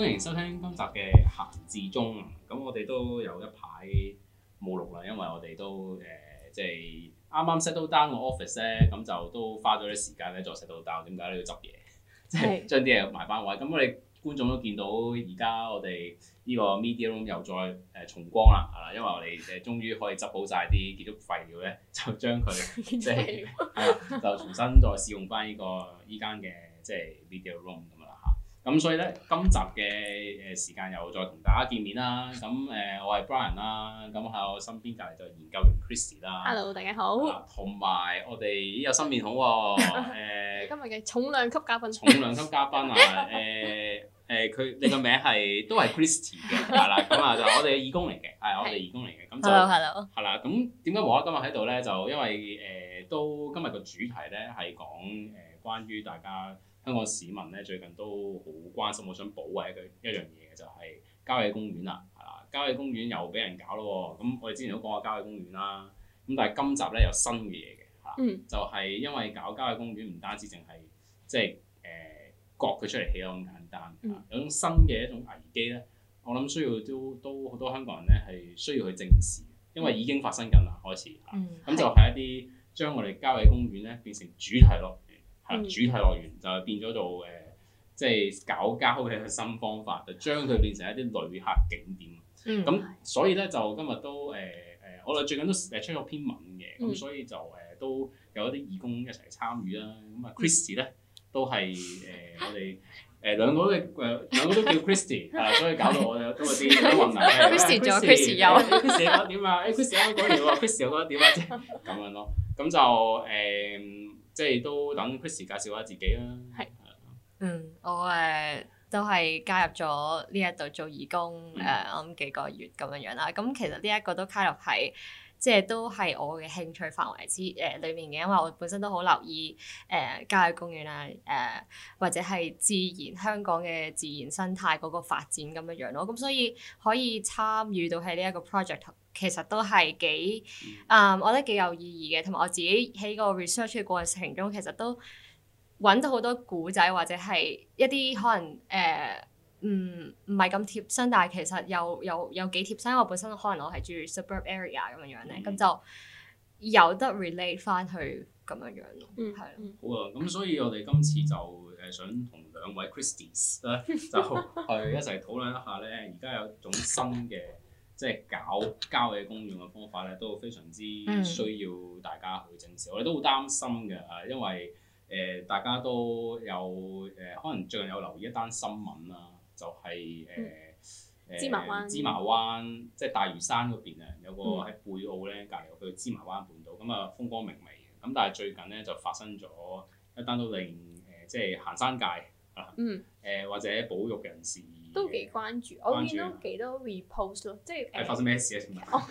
歡迎收聽今集嘅閒至中，咁我哋都有一排冇錄啦，因為我哋都誒、呃，即係啱啱 set 到 down 個 office 咧，咁就都花咗啲時間咧，就 set 到 down。點解要執嘢？即係將啲嘢埋翻位。咁我哋觀眾都見到，而家我哋呢個 media room 又再誒重光啦，係啦，因為我哋誒終於可以執好晒啲建築廢料咧，就將佢 即係係啦，就重新再試用翻呢、這個呢間嘅即係 media room。咁所以咧，今集嘅誒時間又再同大家見面啦。咁誒，我係 Brian 啦。咁喺我身邊隔籬就研究完 Kristy 啦。Hello，大家好。同埋我哋有新面孔喎。 呃、 今日嘅重量級嘉賓。重量級嘉賓啊。誒、呃、誒，佢、呃呃、你個名係都係 Christy 嘅，係啦。 咁、呃、啊，就係、我哋義工嚟嘅，係、哎、我哋義工嚟嘅。咁 就 Hello，Hello。係啦 hello。咁點解我今日喺度咧？就因為誒、呃、都今日個主題咧係講誒關於大家。香港市民咧最近都好關心，我想保衞佢一樣嘢嘅就係郊野公園啦，係啦，郊野公園又俾人搞咯，咁我哋之前都講過郊野公園啦，咁但係今集咧有新嘅嘢嘅嚇，嗯、就係因為搞郊野公園唔單止淨係即係誒割佢出嚟起咯咁簡單，嗯、有種新嘅一種危機咧，我諗需要都都好多香港人咧係需要去正視，因為已經發生緊啦開始嚇，咁、嗯、就係一啲將我哋郊野公園咧變成主題咯。主題樂園就係變咗做誒，即、呃、係、就是、搞交嘅新方法，嗯、就將佢變成一啲旅客景點。咁、嗯、所以咧，就今日都誒誒、呃，我哋最近都誒出咗篇文嘅，咁、嗯、所以就誒都有一啲義工一齊參與啦。咁啊 Christy 咧都係誒我哋誒兩個都誒兩個都叫 Christy，係所以搞到我哋都有啲混亂。Christy 左 Christy 點啊？誒，Christy 講完 Christy 得點啊？咁樣咯，咁就誒。即係都等 Christy 介紹下自己啦。係是是嗯，我誒、呃、都係加入咗呢一度做義工誒，我諗、嗯呃、幾個月咁樣樣啦。咁、嗯、其實呢一個都加入係。即係都係我嘅興趣範圍之誒裏、呃、面嘅，因為我本身都好留意誒郊野公園啊，誒、呃、或者係自然香港嘅自然生態嗰個發展咁樣樣咯。咁、呃、所以可以參與到喺呢一個 project，其實都係幾啊，我覺得幾有意義嘅。同埋我自己喺個 research 嘅過程中，其實都揾到好多故仔或者係一啲可能誒。呃嗯，唔係咁貼身，但係其實有又又幾貼身，因為我本身可能我係住 suburb area 咁樣樣咧，咁、嗯、就有得 relate 翻去咁樣樣咯，嗯，咯是的，好啊，咁所以我哋今次就誒想同兩位 Christies 咧， 就去一齊討論一下咧，而家有種新嘅即係搞郊野公園嘅方法咧，都非常之需要大家去正視。嗯、我哋都好擔心嘅啊，因為誒、呃、大家都有誒可能最近有留意一單新聞啦。就係誒誒，芝麻灣，就是、芝麻灣即係大嶼山嗰邊啊，有個喺貝澳咧隔籬，去芝麻灣半島咁啊，風光明媚嘅。咁但係最近咧就發生咗一單都令誒、呃，即係行山界啊，誒、嗯、或者保育人士都幾關注，關注我見到幾多 repost 咯，即係係發生咩事啊？我我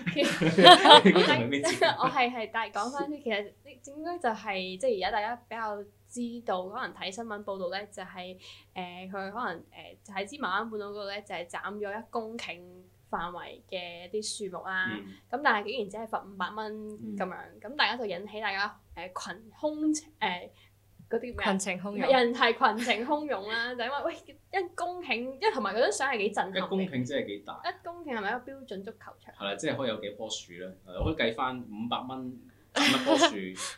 係係，但係講翻啲，其實應該 就係即係而家大家比較。知道可能睇新聞報導咧，就係誒佢可能誒就係芝麻灣半島度咧，就、呃、係斬咗一公頃範圍嘅啲樹木啦。咁但係竟然只係罰五百蚊咁樣，咁大家就引起大家誒群空誒啲咩群情洶，洶湧，人係群情洶湧啦，就因為喂一公頃，一同埋嗰張相係幾震，一公頃真係幾大？一公頃係咪一個標準足球場？係啦，即、就、係、是、可以有幾樖樹啦。我可以計翻五百蚊。乜棵樹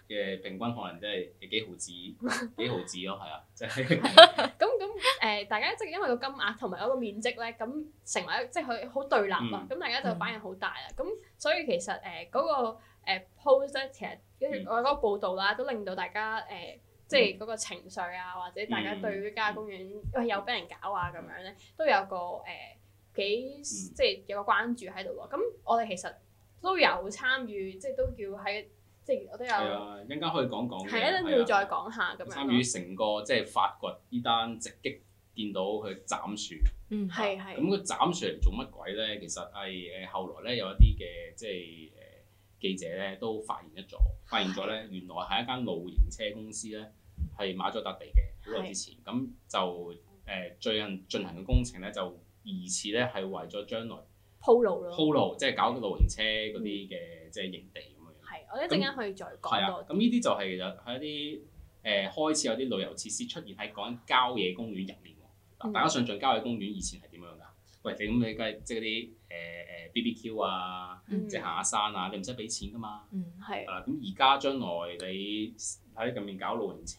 嘅平均可能真係幾毫紙，幾毫紙咯，係啊，即係咁咁誒，大家即係因為個金額同埋嗰個面積咧，咁成為即係佢好對立啊，咁、嗯、大家就反應好大啊，咁、嗯、所以其實誒嗰個 post 咧，其實我嗰個報導啦，都令到大家誒即係嗰個情緒啊，或者大家對呢間公園喂又俾人搞啊咁樣咧，都有個誒幾即係有個關注喺度咯，咁我哋其實都有參與，即係都叫喺。即係我都有，啊，陣間可以講講嘅，係啊，一陣要再講下咁樣。參與成個即係發掘呢單直擊，見到佢斬樹，嗯係係。咁佢斬樹嚟做乜鬼咧？其實係誒後來咧有一啲嘅即係誒記者咧都發現咗，發現咗咧原來係一間露營車公司咧係買咗笪地嘅好耐之前，咁就誒最近進行嘅工程咧就疑似咧係為咗將來鋪路咯，鋪路即係搞露營車嗰啲嘅即係營地。我一陣間可以再講那多。啊，咁呢啲就係其實係一啲誒開始有啲旅遊設施出現喺講郊野公園入面。嗱、嗯，大家想像郊野公園以前係點樣㗎？喂，你咁你梗係即係嗰啲誒誒 BBQ 啊，即係行下山啊，嗯、你唔使俾錢㗎嘛。嗯，係。啊，咁而家將來你喺咁邊搞露營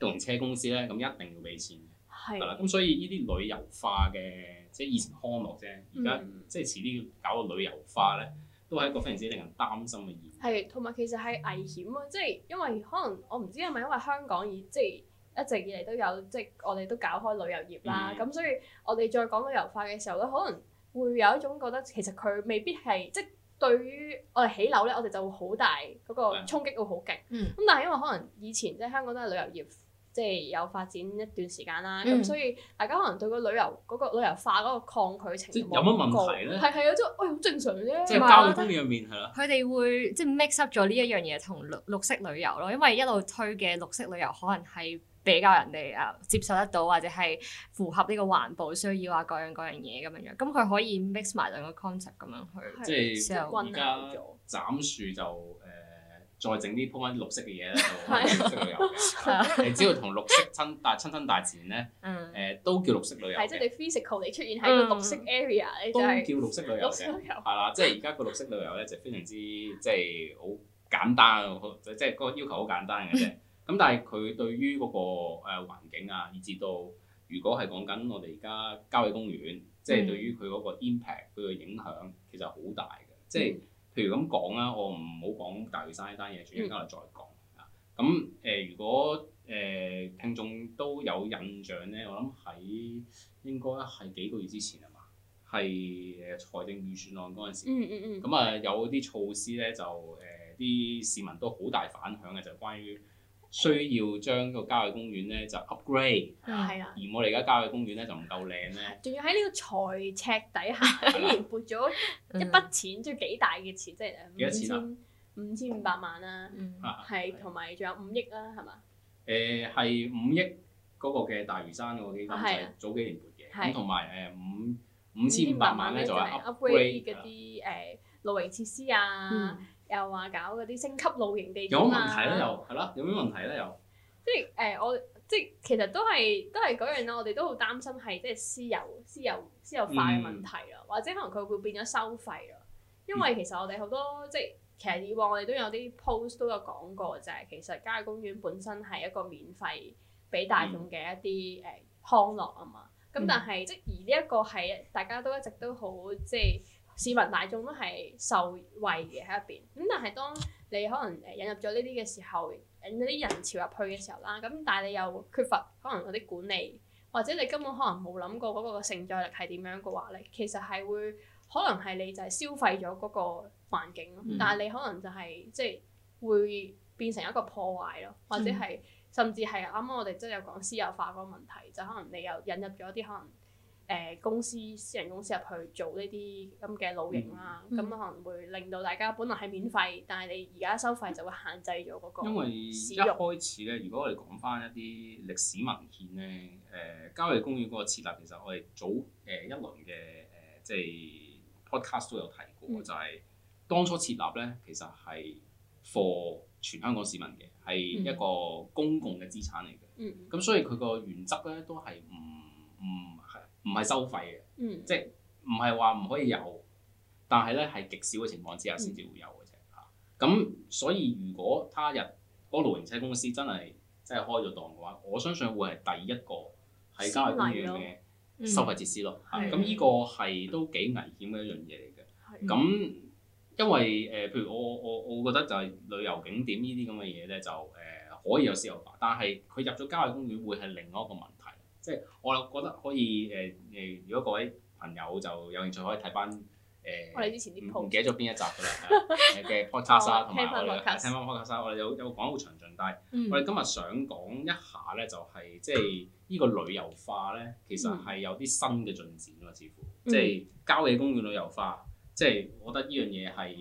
露營車公司咧，咁一定要俾錢嘅。係。咁所以呢啲旅遊化嘅，即係以前康樂啫，而家即係遲啲要搞個旅遊化咧，都係一個非常之令人擔心嘅現象，係同埋其實係危險啊！即、就、係、是、因為可能我唔知係咪因為香港以即係、就是、一直以嚟都有即係、就是、我哋都搞開旅遊業啦、啊，咁、mm hmm. 所以我哋再講旅遊化嘅時候咧，可能會有一種覺得其實佢未必係即係對於我哋起樓咧，我哋就會好大嗰個衝擊會好勁。咁、mm hmm. 但係因為可能以前即係、就是、香港都係旅遊業。即係有發展一段時間啦，咁、嗯、所以大家可能對個旅遊嗰、嗰個旅遊化嗰個抗拒程度冇咁高，係係、哎、啊，的即係，喂，好正常啫，即係交通入面係咯。佢哋會即係 mix up 咗呢一樣嘢同綠綠色旅遊咯，因為一路推嘅綠色旅遊可能係比較人哋啊接受得到，或者係符合呢個環保需要啊，各樣各樣嘢咁樣，咁佢可以 mix 埋兩個 concept 咁樣去。的即係殺軍家，斬樹就。再整啲鋪翻啲綠色嘅嘢啦，綠色旅遊，你 只要同綠色親，但係 親親大自然咧，誒、嗯、都叫綠色旅遊。即係你 physical 你出現喺個綠色 area，都叫綠色旅遊。係啦，即係而家個綠色旅遊咧就非常之即係好簡單，即係個要求好簡單嘅啫。咁、嗯、但係佢對於嗰個誒環境啊，以至到如果係講緊我哋而家郊野公園，即係對於佢嗰個 impact，佢嘅影響其實好大嘅，即係、嗯。譬如咁講啦，我唔好講大嶼山呢單嘢，遲一陣間嚟再講啊。咁誒、嗯呃，如果誒、呃、聽眾都有印象咧，我諗喺應該係幾個月之前吖嘛，係誒財政預算案嗰陣時，咁啊、嗯嗯嗯呃、有啲措施咧就誒啲、呃、市民都好大反響嘅，就、關於，需要將個郊野公園咧就 upgrade，係啊，而我哋而家郊野公園咧就唔夠靚咧，仲要喺呢個財赤底下，連撥咗一筆錢，即係幾大嘅錢，即係幾多錢啊？五千五百萬啦，係同埋仲有五億啦，係嘛？誒係五億嗰個嘅大嶼山嗰個基金，我記得就係早幾年撥嘅，咁同埋誒五五千五百萬咧就 upgrade 嗰啲誒露營設施啊。又話搞嗰啲升級露營地點有問題咧，又係啦，有咩問題咧？又即係誒、呃，我即係其實都係都係嗰樣咯。我哋都好擔心係即係私有私有私有化嘅問題咯，嗯、或者可能佢會變咗收費咯。因為其實我哋好多即係其實以往我哋都有啲 post 都有講過，就係其實郊野公園本身係一個免費俾大眾嘅一啲誒康樂啊嘛。咁、嗯嗯、但係即而呢一個係大家都一直都好即係。市民大眾都係受惠嘅喺入邊，咁但係當你可能引入咗呢啲嘅時候，引咗啲人潮入去嘅時候啦，咁但係你又缺乏可能嗰啲管理，或者你根本可能冇諗過嗰個承載力係點樣嘅話，咧其實係會可能係你就係消費咗嗰個環境，嗯、但係你可能就係即係會變成一個破壞咯，或者係甚至係啱啱我哋真係有講私有化嗰個問題，就可能你又引入咗啲可能。誒、呃、公司私人公司入去做呢啲咁嘅露營啦、啊，咁、嗯嗯、可能會令到大家本來係免費，但係你而家收費就會限制咗嗰個。因為一開始咧，如果我哋講翻一啲歷史文獻咧，誒嘉義公園郊野公園嗰個設立，其實我哋早誒一輪嘅誒、呃、即係 podcast 都有提過，嗯、就係當初設立咧，其實係 for 全香港市民嘅，係一個公共嘅資產嚟嘅。咁、嗯、所以佢個原則咧都係唔唔。嗯嗯唔係收費嘅，嗯、即係唔係話唔可以有，但係咧係極少嘅情況之下先至會有嘅啫嚇。咁、嗯嗯、所以如果他日嗰露營車公司真係真係開咗檔嘅話，我相信會係第一個喺郊野公園嘅、嗯、收費設施咯。咁呢的個係都幾危險嘅一樣嘢嚟嘅。咁的因為誒、呃，譬如我我我，我覺得就係旅遊景點呢啲咁嘅嘢咧，就誒、呃、可以有私有化，但係佢入咗郊野公園會係另外一個問題。即係我覺得可以誒誒、呃，如果各位朋友就有興趣，可以睇翻誒。呃、我哋之前啲唔記得咗邊一集㗎啦。嘅 Podcast 同埋我哋聽翻 Podcast 我哋有有講好詳盡，但係、嗯、我哋今日想講一下咧、就係，就係即係依個旅遊化咧，其實係有啲新嘅進展喎，嗯、似乎即係郊野公園旅遊化，即、就、係、係、我覺得呢樣嘢係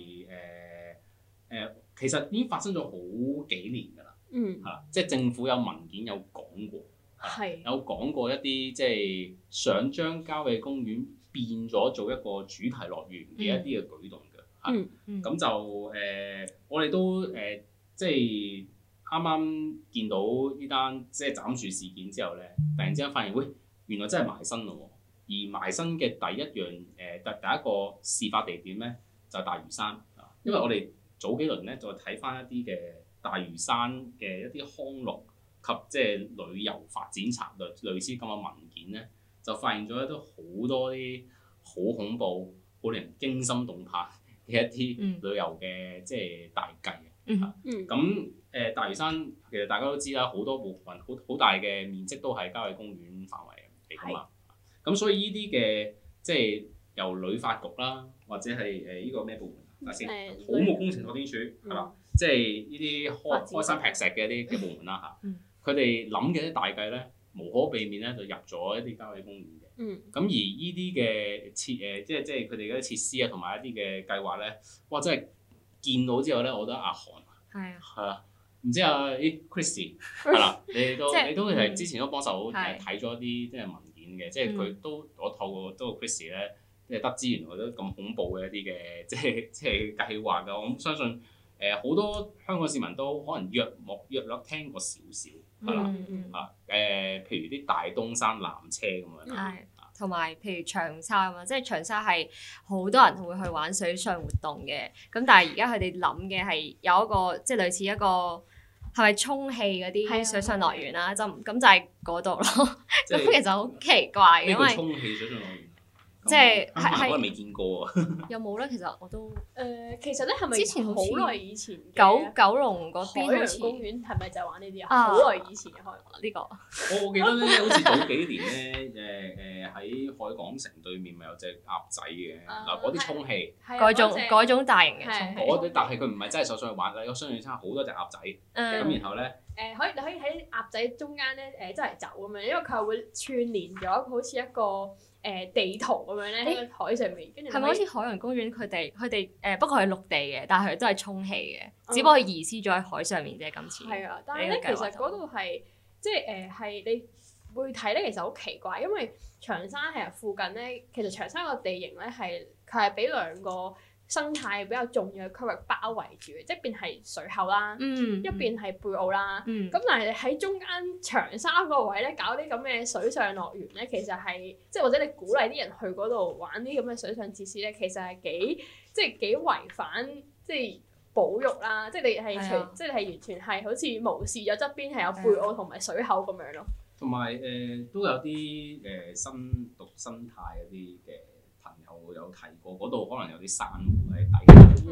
誒誒，其實已經發生咗好幾年㗎啦。嗯，嚇，即係政府有文件有講過。係是有講過一啲即係想將郊野公園變咗做一個主題樂園嘅一啲嘅舉動嘅，嚇咁、嗯嗯啊、就誒、呃、我哋都誒即係啱啱見到呢單即係斬樹事件之後咧，嗯、突然之間發現，喂、哎、原來真係埋新咯，而埋身嘅第一樣誒第、呃、第一個事發地點咧就係、是、大嶼山，因為我哋早幾輪咧就睇翻一啲嘅大嶼山嘅一啲康樂及即係旅遊發展策略類似咁嘅文件咧，就發現咗咧都好多啲好恐怖、好令人驚心動魄嘅一啲旅遊嘅即係大計啊！咁誒大嶼山其實大家都知啦，好多部分好好大嘅面積都係郊野公園範圍嚟噶嘛。咁是所以呢啲嘅即係由旅發局啦，或者係誒呢個咩部門啊？呃、先土木工程拓展署係嘛？即係呢啲開開山劈石嘅一啲嘅部門啦嚇。嗯。佢哋諗嘅啲大計咧，無可避免咧就入咗一啲郊野公園嘅。嗯。咁而依啲嘅設誒，即係即係佢哋啲設施啊，同埋一啲嘅計劃咧，哇！真係見到之後咧，我覺得阿寒。係啊。係啊，唔、啊、知阿依 Christy 係啦，你都、就是、你都係之前都幫手睇咗一啲即係文件嘅，即係佢都我透過都 Christy 咧，即係得知原來都咁恐怖嘅一啲嘅即係即係計劃㗎，我咁相信。誒好多香港市民都可能約莫約略聽過少少，係啦、嗯，啊誒，譬如啲大東山纜車咁樣，係、嗯，同埋譬如長沙啊嘛，即係長沙係好多人會去玩水上活動嘅，咁但係而家佢哋諗嘅係有一個即係類似一個係咪充氣嗰啲水上樂園啦，就咁就係嗰度咯，咁其實好奇怪，因為充氣水上樂園。即係係係，我未見過啊，有冇咧？其實我都誒，其實咧係咪之前好耐以前九九龍嗰邊海洋公園係咪就係玩呢啲啊？好耐以前嘅開幕呢個。我我記得咧，好似早幾年咧，誒誒喺海港城對面咪有隻鴨仔嘅，嗱嗰啲充氣。嗰種大型嘅，嗰啲但係佢唔係真係手上去玩，個商業差好多隻鴨仔。咁然後咧誒，可以你可以喺鴨仔中間咧誒，周圍走咁樣，因為佢係會串連咗，好似一個。誒、呃、地圖咁樣咧喺海上面，跟住係咪好似海洋公園佢哋佢哋誒，不過係陸地嘅，但係佢都係充氣嘅，嗯、只不過係移師咗喺海上面啫今次。係啊，但係咧其實嗰度係即係誒係你會睇咧，其實好奇怪，因為長沙其實附近咧，其實長沙個地形咧係佢係俾兩個。生態比較重要嘅區域包圍住，即係一邊係水口啦，一邊係、嗯、貝澳啦。咁、嗯、但係喺中間長沙嗰位咧搞啲咁嘅水上樂園咧，其實係即係或者你鼓勵啲人去嗰度玩啲咁嘅水上設施咧，其實係幾即係幾違反即係保育啦。即係、嗯、你係即係係完全係好似無視咗側邊係有貝澳同埋水口咁樣咯。同埋誒都有啲誒生毒生態嗰啲嘅。我有提過，嗰度可能有啲珊瑚喺底。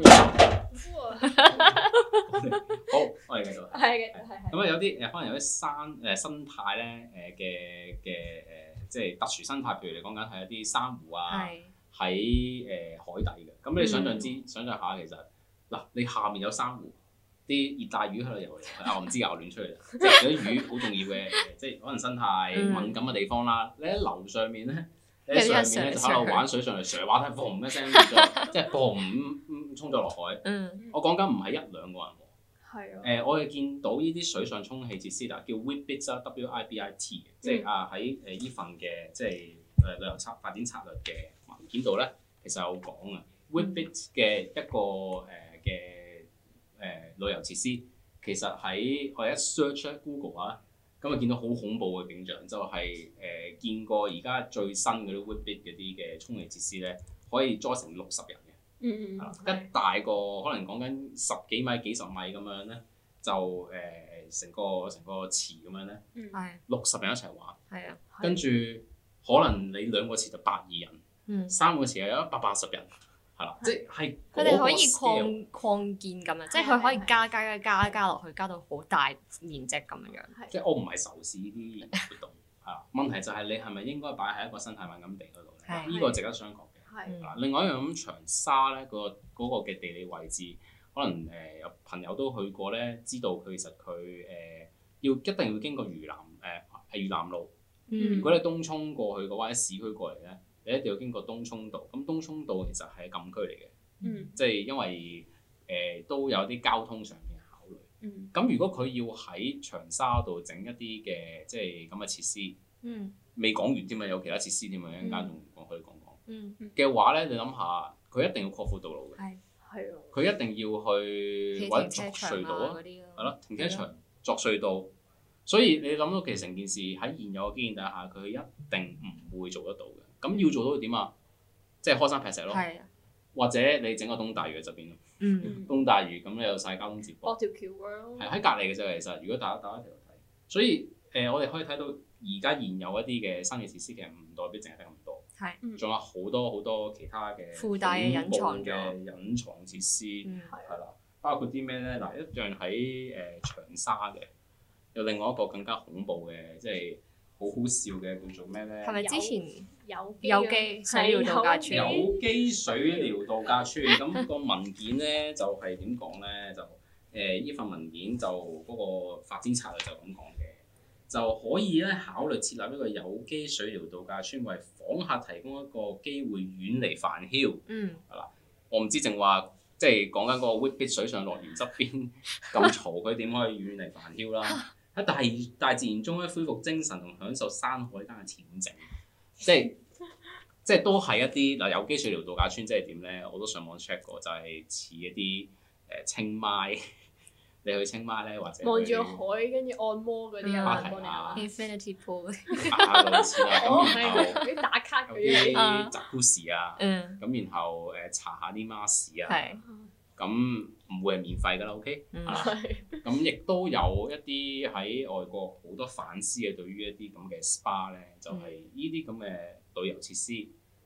嗯、好，我哋繼續。係嘅，係係。咁啊，有啲誒，可能有啲生誒生態咧誒嘅嘅誒，即係特殊生態，譬如你講緊係一啲珊瑚啊，喺誒的海底嘅。咁你想象之，想象下其實嗱，你下面有珊瑚，啲熱帶魚喺度游嚟， 我唔知 我亂出嚟啦。即係啲魚好重要嘅，即係可能生態敏感嘅地方啦。你喺樓上面咧？喺上面咧就喺度玩水上嚟，成玩都係 boom 咩聲，即係 boom 衝咗落海。嗯，我講緊唔係一兩個人喎。啊、嗯。誒、嗯，我哋見到呢啲水上充氣設施啦，叫 Wibit w, it, w I B I T，即係啊喺誒依份嘅即係誒旅遊策發展策略嘅文件度咧，其實有講啊。嗯、Wibit 嘅一個誒嘅誒旅遊設施，其實喺我一 search 咧 Google 啊。咁啊見到好恐怖嘅景象，就係、是、誒、呃、見過而家最新嗰啲 Wibit 嗰啲嘅充氣設施咧，可以載成六十人嘅，嗯，一大一個的可能講緊十幾米幾十米咁樣咧，就誒成、呃、個成個池咁樣咧，嗯，六十人一齊玩，係啊，跟住可能你兩個池就百二人，嗯、三個池係有一百八十人。即係、那個，佢哋可以擴建、那個、擴建咁樣，是的 即係佢可以加加，加加加落去，加到好大面積咁樣樣。即係我唔係仇視呢啲活動，嚇 問題就係你係咪應該擺喺一個生態敏感地嗰度咧？呢是的 個值得商榷嘅。係啦，另外一樣咁，長沙咧個嗰嘅地理位置，可能誒有朋友都去過咧，知道佢其實佢誒要一定要經過嶼南誒嶼南路。 如果你東涌過去嘅話，喺市區過嚟咧？你一定要經過東涌道，咁東涌道其實係禁區嚟嘅，即係因為誒都有啲交通上面考慮。咁如果佢要喺長沙度整一啲嘅，即係咁嘅設施，未講完添嘛，有其他設施添嘛，一陣間仲可以講講嘅話咧，你諗下，佢一定要擴闊道路嘅，係佢一定要去揾鑿隧道啊，係咯，停車場鑿隧道，所以你諗到其實成件事喺現有嘅基建底下，佢一定唔會做得到。咁、嗯、要做到點啊？即係開山劈石咯，係啊，或者你整個東大嶼嘅側邊咯，東、嗯、大嶼咁你有晒交通接駁，嗰係喺隔離嘅啫。其實如果大家大家一齊睇，所以誒、呃、我哋可以睇到而家現有一啲嘅新嘅設施，其實唔代表淨係睇咁多，係，仲、嗯、有好多好多其他嘅，隱藏嘅隱藏設施，係啦、嗯，包括啲咩咧？嗱，一樣喺誒、呃、長沙嘅，有另外一個更加恐怖嘅，即係。好好笑嘅叫做咩咧？係咪之前有機水療度假村？有機水療度假村咁 個文件咧就係點講咧？就誒、是、依、呃、份文件就嗰、那個發展策略就咁講嘅，就可以咧考慮設立一個有機水療度假村，為訪客提供一個機會遠離煩囂。嗯，係啦，我唔知淨話即係講緊嗰個 Wibit 水上樂園側邊咁嘈，佢點 可以遠離煩囂啦？ 喺大大自然中咧，恢復精神同享受山海間嘅恬靜，即係即係都係一啲嗱，有機水療度假村即係點咧？我都上網 check 過，就係、是、似一啲誒、呃、清邁， 你去清邁咧或者望住海跟住按摩嗰啲啊 infinity pool 啊，咁然後有啲 打卡啲，有啲雜啊，咁然後誒查下啲 mask 啊。嗯嗯嗯。咁唔會係免費噶啦，OK？、Mm hmm. 啊，咁亦都有一啲喺外國好多反思嘅對於一啲咁嘅 SPA 咧，mm hmm. 就係呢啲咁嘅旅遊設施，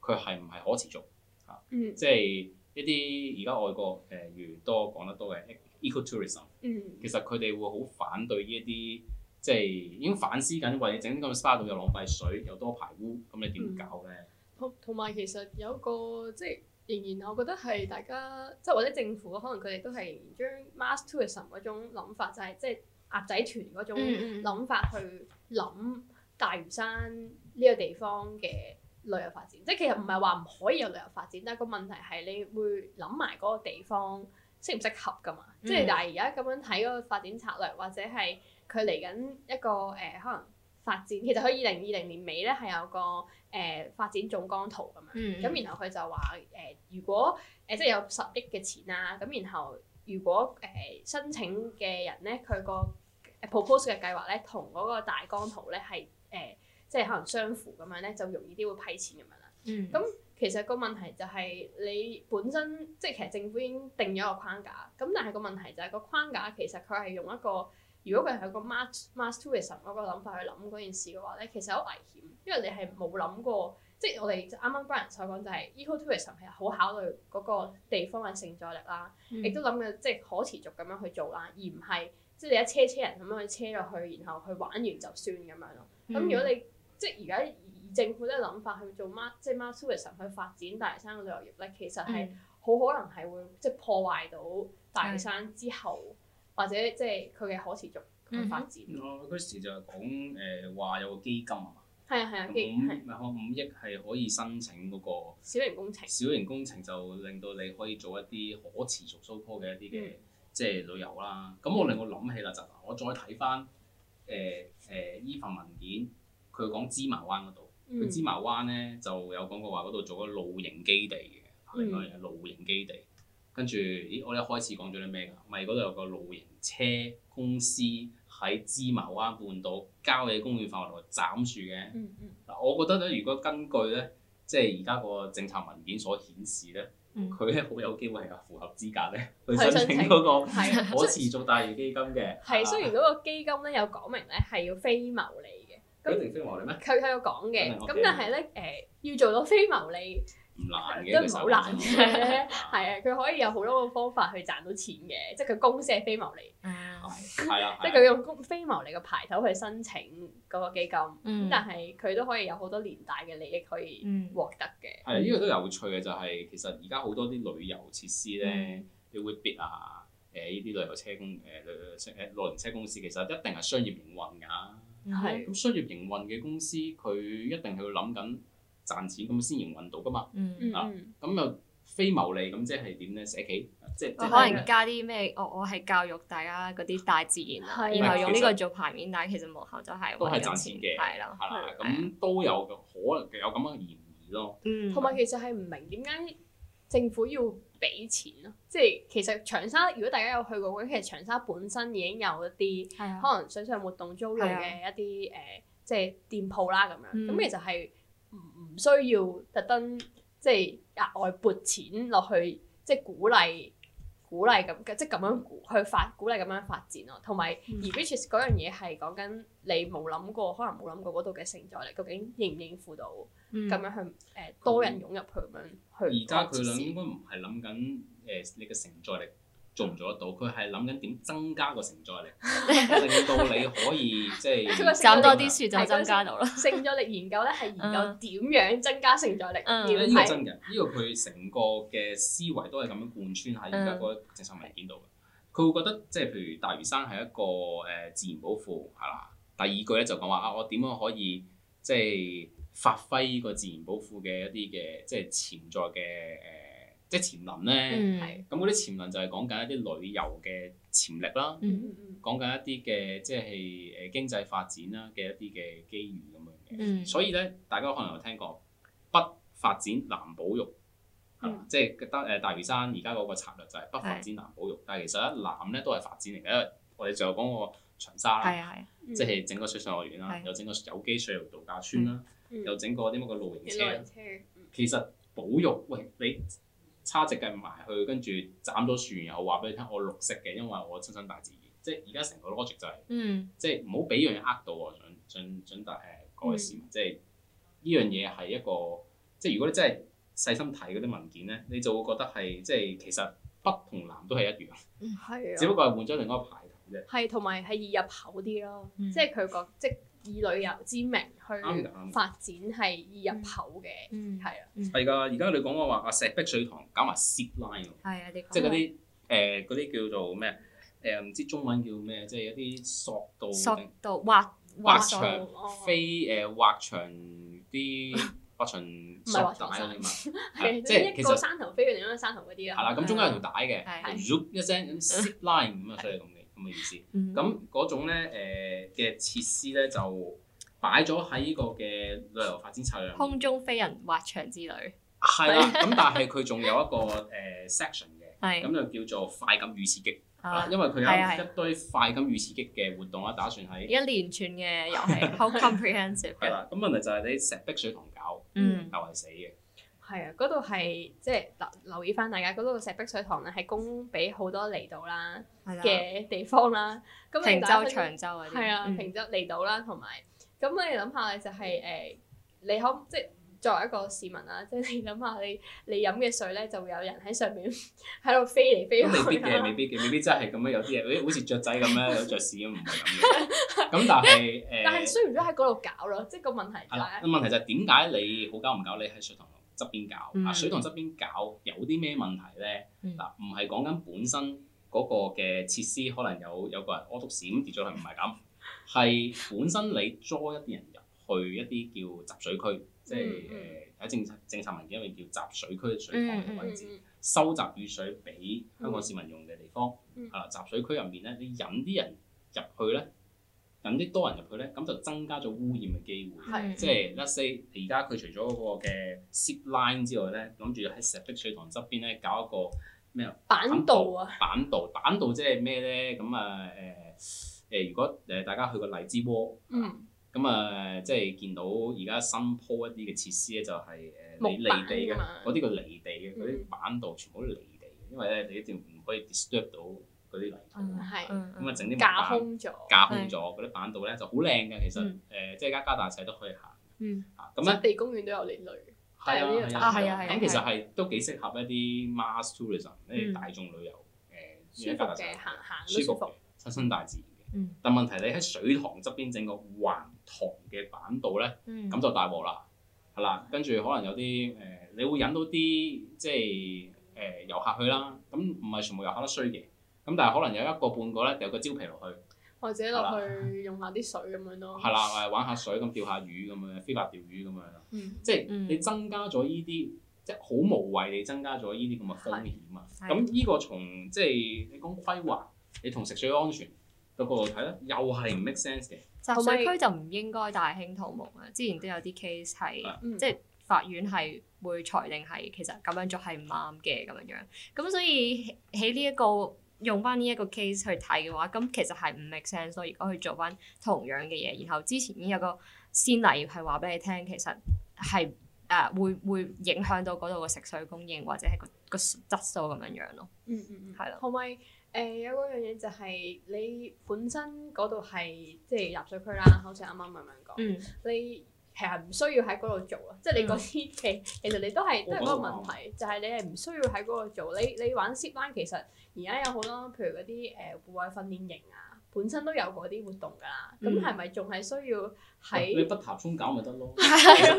佢係唔係可持續？啊，mm hmm. 即係一啲而家外國誒越多講得多嘅 eco tourism，、mm hmm. 其實佢哋會好反對呢一啲，即、就、係、是、已經反思緊，為你整啲咁嘅 SPA，度又浪費水，又多排污，咁你點搞咧？同埋、mm hmm. 其實有一個即係。仍然，我覺得係大家即係或者政府可能佢哋都係將 mass tourism 嗰種諗法，就係即係鴨仔團嗰種諗法去諗大嶼山呢個地方嘅旅遊發展。即係其實唔係話唔可以有旅遊發展，但係個問題係你會諗埋嗰個地方適唔適合㗎嘛？嗯、即係但係而家咁樣睇嗰個發展策略，或者係佢嚟緊一個誒、呃、可能。發展其實佢二零二零年尾咧係有個誒、呃、發展總綱圖咁樣，咁、嗯、然後佢就話誒、呃、如果誒、呃、即係有十億嘅錢啦、啊，咁然後如果誒、呃、申請嘅人咧佢個 propose 嘅計劃咧同嗰個大綱圖咧係誒即係可能相符咁樣咧就容易啲會批錢咁樣啦。咁、嗯、其實個問題就係你本身即係其實政府已經定咗個框架，咁但係個問題就係個框架其實佢係用一個。如果佢係個 mass mass tourism 嗰個諗法去諗嗰件事嘅話咧，其實好危險，因為你係冇諗過，即係我哋啱啱 Brian 所講就係、是、eco tourism 係好考慮嗰個地方嘅承載力啦，亦都諗緊即係可持續咁樣去做啦，而唔係即係你一車車人咁樣去車入去，然後去玩完就算咁樣咯。咁、嗯、如果你即係而家以政府呢個諗法去做 mass 即係 mass tourism 去發展大嶼山嘅旅遊業咧，其實係好、嗯、可能係會即係破壞到大嶼山之後。嗯或者即係佢嘅可持續發展咯。時就係講誒，話有個基金啊嘛。係啊係啊，五唔係五億係可以申請嗰個小型工程。小型工程就令到你可以做一啲可持續 support 嘅一啲嘅即係旅遊啦。咁我令我諗起啦就，我再睇翻誒誒依份文件，佢講芝麻灣嗰度，佢芝麻灣咧就有講過話嗰度做咗露營基地嘅，係咪露營基地？跟住，咦？我一開始講咗啲咩㗎？咪嗰度有個露營車公司喺芝麻灣半島郊野公園範圍度斬住嘅。嗱、嗯，嗯、我覺得咧，如果根據咧，即係而家個政策文件所顯示咧，佢咧好有機會係符合資格咧，去申請嗰個可持續大嶼基金嘅。係， 雖然嗰個基金咧有講明咧係要非牟利嘅。咁一定非牟利咩？佢佢有講嘅，咁但係咧誒要做到非牟利。唔難嘅，都唔係好難嘅，係啊， 佢可以有好多個方法去賺到錢嘅，即係佢公司係非牟利，係啊， 即係佢用非牟利嘅牌頭去申請嗰個基金，嗯、但係佢都可以有好多年大嘅利益可以獲得嘅。係啊、嗯，呢、嗯嗯嗯呢個都有趣嘅，就係其實而家好多啲旅遊設施咧，Wibit 啊，誒依啲旅遊車公誒旅誒旅遊車、呃、車公司，其實一定係商業營運㗎，咁商業營運嘅公司佢一定係會諗緊。賺錢咁先營運到噶嘛？啊，咁又非牟利咁，即係點咧？社企即即係可能加啲咩？我我係教育大家嗰啲大自然然後用呢個做牌面，但係其實幕後就係都係賺錢嘅，係啦，係啦，咁都有可能有咁樣嘅嫌疑咯。同埋其實係唔明點解政府要俾錢咯？即係其實長沙，如果大家有去過嗰其實長沙本身已經有一啲可能水上活動租用嘅一啲誒，即係店鋪啦咁樣。咁其實係。唔需要特登即係額外撥錢落去，即係鼓勵鼓勵咁，即係咁樣去發鼓勵咁樣發展咯。同埋而 research 嗰樣嘢係講緊你冇諗過，可能冇諗過嗰度嘅承載力究竟應唔應付到咁、嗯、樣去誒、呃嗯、多人湧入去咁樣。而家佢諗應該唔係諗緊誒你嘅承載力。嗯做唔做得到？佢係諗緊點增加個承載力，令到你可以 即係是減多啲樹就增加到咯。承載、嗯、力研究咧係研究點樣增加承載力。呢個真嘅，呢個佢成個嘅思維都係咁樣貫穿喺而家個政策文件度。嘅、嗯。佢會覺得即係譬如大嶼山係一個誒自然保護係啦。第二句咧就講話啊，我點樣可以即係發揮個自然保護嘅一啲嘅即係潛在嘅誒。即潛能咧，係咁嗰啲潛能就係講緊一啲旅遊嘅潛力啦，講緊一啲嘅即係誒經濟發展啦嘅一啲嘅機遇咁樣嘅。所以咧，大家可能有聽過北發展南保育，係嘛？即係得誒大嶼山而家嗰個策略就係北發展南保育，但係其實一南咧都係發展嚟嘅，因為我哋仲有講過長沙啦，即係整個水上樂園啦，又整個有機水遊度假村啦，又整個啲乜個露營車。其實保育，喂你。差值計埋去，跟住斬咗樹，然後話俾你聽，我綠色嘅，因為我親身大自然。即係而家成個 logic 就係、是，嗯、即係唔好俾樣嘢、嗯、呃到我，準準準大誒各位即係呢樣嘢係一個，即係如果你真係細心睇嗰啲文件咧，你就會覺得係即係其實北同南都係一樣。嗯、只不過係換咗另外一個牌頭啫。係同埋係易入口啲咯，即係佢講即以旅遊之名去發展易係入口嘅，係啊，係㗎。而家你講話話啊石壁水塘搞埋 zip line 喎，係啊，即係嗰啲誒嗰啲叫做咩啊？唔知中文叫咩？即係一啲索道、索道滑滑翔飛誒滑翔啲滑翔索帶啊嘛，即係一個山頭飛去另一個山頭嗰啲啊。係啦，咁中間有條帶嘅，一聲 zip line 咁啊，飛落去。咁嘅意思，咁嗰、嗯、種咧，誒、呃、嘅設施咧就擺咗喺呢個嘅旅遊發展策略——空中飛人滑翔之旅。係啦， 咁但係佢仲有一個誒、呃、section 嘅，咁 就叫做快感與刺激， 啊、因為佢有一堆快感與刺激嘅活動啦，打算喺一連串嘅遊戲，好 comprehensive。係啦， 咁問題就係你石壁水塘搞又係死嘅。嗯 係啊，嗰度係即係留留意翻大家嗰度石壁水塘咧，係供俾好多離島啦嘅地方啦。咁平洲、長洲啊，係啊，平洲離島啦，同埋咁你諗下就係誒你可即係作為一個市民啦，即係你諗下你你飲嘅水咧，就會有人喺上面喺度飛嚟飛去。未必嘅，未必嘅，未必真係咁樣有啲嘢，好似雀仔咁樣有雀屎，唔係咁嘅。咁但係但係雖然都喺嗰度搞咯，即係個問題。係啦，問題就係點解你好搞唔搞？你喺水塘側邊搞啊，嗯、水塘側邊搞有啲咩問題咧？嗱、嗯，唔係講緊本身嗰個嘅設施可能有有個人屙篤屎咁跌咗佢，唔係咁，係、嗯、本身你捉一啲人入去一啲叫集水區，即係誒喺政政策文件入面叫集水區嘅水塘嘅位置，嗯嗯嗯、收集雨水俾香港市民用嘅地方啊，集水區入面咧，你引啲人入去咧。咁啲多人入去咧，咁就增加咗污染嘅機會。係的，即係 let's say 而家佢除咗嗰個嘅 zip line 之外咧，諗住喺石壁水塘側邊咧搞一個咩啊？板道啊！板道、啊、 板道即係咩咧？咁啊誒誒，如果誒大家去過荔枝窩，嗯，咁啊即係見到而家新鋪一啲嘅設施咧，就係誒離離地嘅，嗰啲嘅離地嘅嗰啲板道全部都離地嘅，因為咧你一定唔可以 disturb 到。啲泥係咁啊！整啲架空咗，架空咗嗰啲板道咧就好靚嘅。其實誒，即係一家大細都可以行。嗯，嚇咁咧，濕地公園都有呢類，係啊，係啊。咁其實係都幾適合一啲 mass tourism，即係大眾旅遊誒。舒服嘅行行，舒服嘅親親大自然嘅。但問題你喺水塘側邊整個環塘嘅板道咧，嗯，咁就大鑊啦，係啦。跟住可能有啲誒，你會引到啲即係誒遊客去啦。咁唔係全部遊客都衰嘅。咁但係可能有一個半個咧，掉個蕉皮落去，或者落去的用下啲水咁樣咯，係啦， 玩下水咁，釣下魚咁樣，非法釣魚咁樣，即係你增加咗依啲即係好無謂地增加咗依啲咁嘅風險啊。咁呢、嗯、個從即係你講規劃，你同食水安全到角度睇咧，又係唔 make sense 嘅。洪水且以區就唔應該大興土木啊！之前都有啲 case 係即係法院係會裁定係其實咁樣做係唔啱嘅咁樣樣，咁所以喺呢一個。用翻呢一個 case 去睇嘅話，咁其實係唔 make sense，所以如果去做翻同樣嘅嘢，然後之前已經有個先例係話俾你聽，其實係誒、呃、會會影響到嗰度嘅食水供應或者係個個質素咁樣樣咯、嗯。嗯嗯嗯，係咯啦。同埋誒有嗰樣嘢就係、是、你本身嗰度係即係入水區啦，好似啱啱咁樣講。嗯、你。其實唔需要喺嗰度做啊，即係你嗰啲其其實你都係都係嗰個問題，就係你係唔需要喺嗰度做。你你玩 Zip-line 其實而家有好多，譬如嗰啲誒戶外訓練營啊，本身都有嗰啲活動㗎啦。咁係咪仲係需要喺你北潭涌搞咪得咯？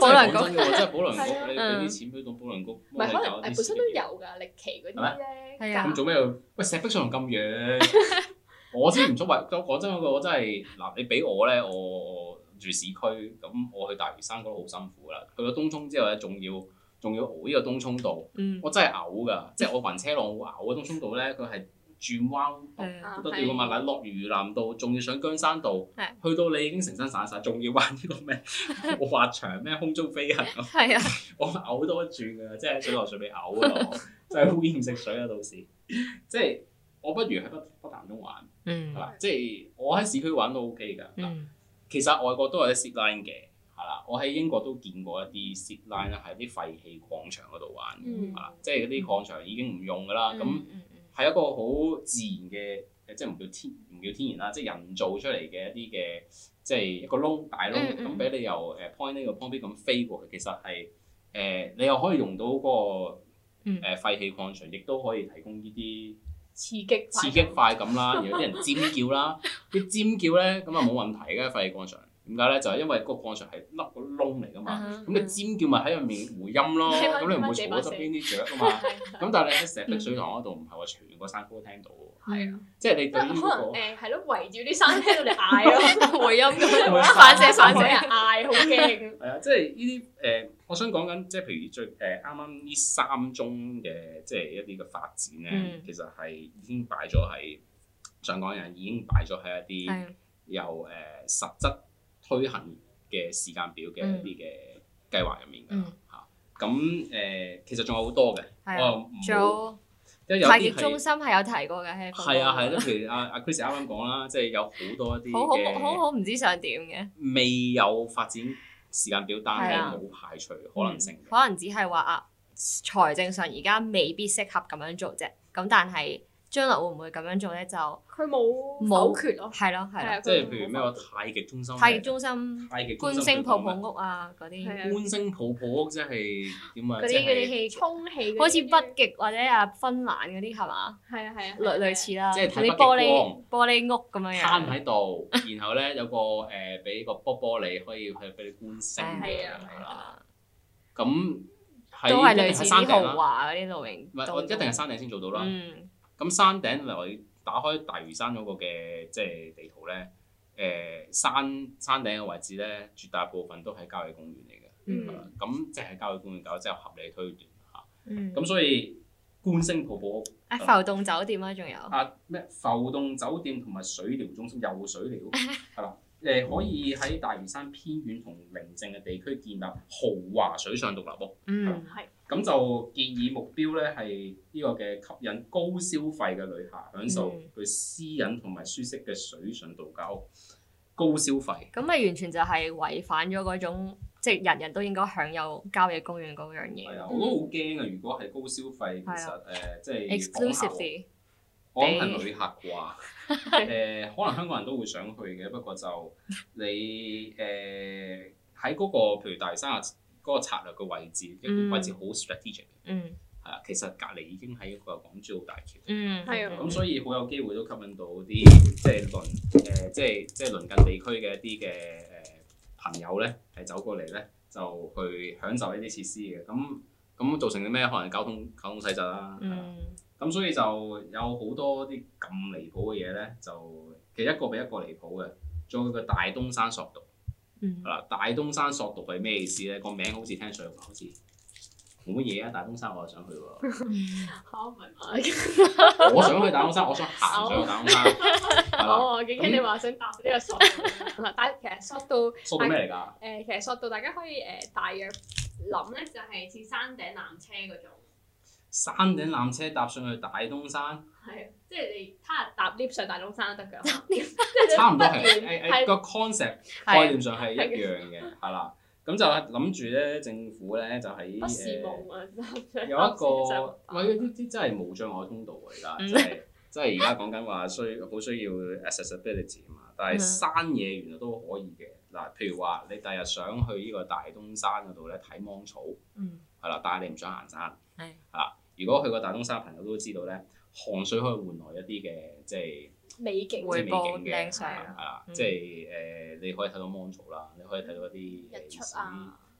保良局，我真係保良局，你俾啲錢俾個保良局，幫你搞啲事。本身都有㗎，力奇嗰啲咧。係啊。咁做咩？喂，石壁上咁遠，我先唔出埋。講真嗰個，我真係嗱，你俾我咧，我。住市區，咁我去大嶼山嗰度好辛苦噶啦。去咗東涌之後咧，仲要仲要熬呢個東涌道，我真係嘔噶，即係我暈車浪好嘔啊！東涌道咧，佢係轉彎，不斷咁慢，落嶼南道，仲要上羌山道，去到你已經成身散晒，仲要玩呢個咩滑翔咩空中飛行，係啊、嗯，我嘔多轉啊，即係水落水邊嘔啊，真係好厭食水啊！到時即係我不如喺北北潭涌玩，係嘛？即係我喺市區玩都 OK 噶。其實外國都有啲 zip line 嘅，係啦，我喺英國都見過一啲 zip line 咧，喺啲廢棄礦場嗰度玩嘅，啦、嗯，即係啲礦場已經唔用㗎啦，咁係、嗯、一個好自然嘅，即係唔叫天唔叫天然啦，即係人造出嚟嘅一啲嘅，即係一個窿大窿，咁俾、嗯嗯、你由誒 point A 到 point B 咁飛過去，其實係誒、呃、你又可以用到嗰、那個誒廢棄礦場，亦都可以提供呢啲。刺激刺激快感啦，有啲人尖叫啦，佢 尖叫咧，咁啊，冇問題嘅肺幹上。 點解咧？就係因為嗰個礦場係凹個窿嚟噶嘛，咁你尖叫咪喺入面回音咯，咁你唔會嘈到側邊啲雀啊嘛。咁但係你喺石壁水塘嗰度唔係話全個山坡聽到喎。係啊，即係你對於個誒係咯，圍住啲山聽到你嗌咯，回音咁樣反射反射嗌，好驚。係啊，即係呢啲誒，我想講緊即係譬如最誒啱啱呢三宗嘅即係一啲嘅發展咧，其實係已經擺咗喺上港人已經擺咗喺一啲有誒實質。推行嘅時間表嘅一啲嘅計劃入面㗎嚇，咁誒、嗯呃、其實仲有好多嘅，的我唔好。水療有中心係有提過嘅，係啊係啊。譬如阿阿 Chris 啱啱講啦，即係 有好多一啲好好好好唔知想點嘅，未有發展時間表，但係冇排除可能性、嗯。可能只係話財政上而家未必適合咁樣做啫，咁但係。將來會唔會咁樣做咧？就佢冇否決咯，係咯，係啦。即係譬如咩啊？太極中心、太極中心、太極觀星泡泡屋啊，嗰啲觀星泡泡屋即係點啊？嗰啲嗰啲氣充氣，好似北極或者啊芬蘭嗰啲係嘛？係啊係啊，類類似啦，即係嗰啲玻璃玻璃屋咁樣嘅。攤喺度，然後咧有個誒俾個波玻璃可以去俾你觀星嘅咁，都係類似豪華嗰啲露營。唔係，我一定係山頂先做到啦。咁山頂嚟我打開大嶼山嗰個嘅即係地圖咧，誒、呃、山山頂嘅位置咧，絕大部分都係郊野公園嚟嘅，咁、嗯啊、即係郊野公園。搞我即係合理推斷嚇，咁、嗯、所以觀星瀑布、誒、啊、浮動酒店啊，仲有啊咩浮動酒店同埋水療中心有水療，係啦。 誒可以喺大嶼山偏遠同寧靜嘅地區建立豪華水上獨立屋。嗯，係吧。咁就建議目標咧係呢個嘅吸引高消費嘅旅客，享受佢私隱同埋舒適嘅水上度假屋。高消費，咁咪、嗯、完全就係違反咗嗰種即係、即係、人人都應該享有郊野公園嗰樣嘢。係啊，我都好驚啊！如果係高消費，其實誒、啊呃、即係。Exclusive. 可能旅客啩，誒、呃、可能香港人都會想去嘅，不過就你誒喺嗰個譬如大嶼山啊嗰、嗰個策略嘅位置，嗯、一個位置好 strategic，嗯，係啊，其實隔離已經喺一個港珠澳大橋，嗯，係啊，咁、嗯嗯、所以好有機會都吸引到啲即係鄰誒，即係、呃、即係鄰近地區嘅一啲嘅誒朋友咧，係走過嚟咧，就去享受一啲設施嘅，咁、嗯、咁、嗯嗯、造成啲咩可能交通交通擠塞啦？啊、嗯。咁所以就有好多啲咁離譜嘅嘢咧，就其實一個比一個離譜嘅，仲有佢個大東山索道，嗯，係啦，大東山索道係咩意思咧？個名好似聽上去好似冇乜嘢啊！大東山我又想去喎， 我想去大東山，我想行上去大東山，係啦，我驚你話想搭呢個索， 但其實索道，索道咩嚟㗎？誒、呃，其實索道大家可以誒大約諗咧，就係似山頂纜車嗰種。山頂纜車搭上去大東山，係啊，即係你，他日搭 lift 上大東山都得㗎。lift 即係差唔多係，誒誒個 concept 概念上係一樣嘅，係啦。咁就諗住咧，政府咧就喺，有一個，喂，呢啲真係冇障礙通道嚟㗎，即係即係而家講緊話需好需要 accessibility 啊嘛。但係山野原來都可以嘅，嗱，譬如話你第日想去呢個大東山嗰度咧睇芒草，係啦，但係你唔想行山。係啊！如果去過大東山朋友都知道咧，汗水可以換來一啲嘅即係美景，即係美景嘅係啊！即係誒，你可以睇到芒草啦，你可以睇到一啲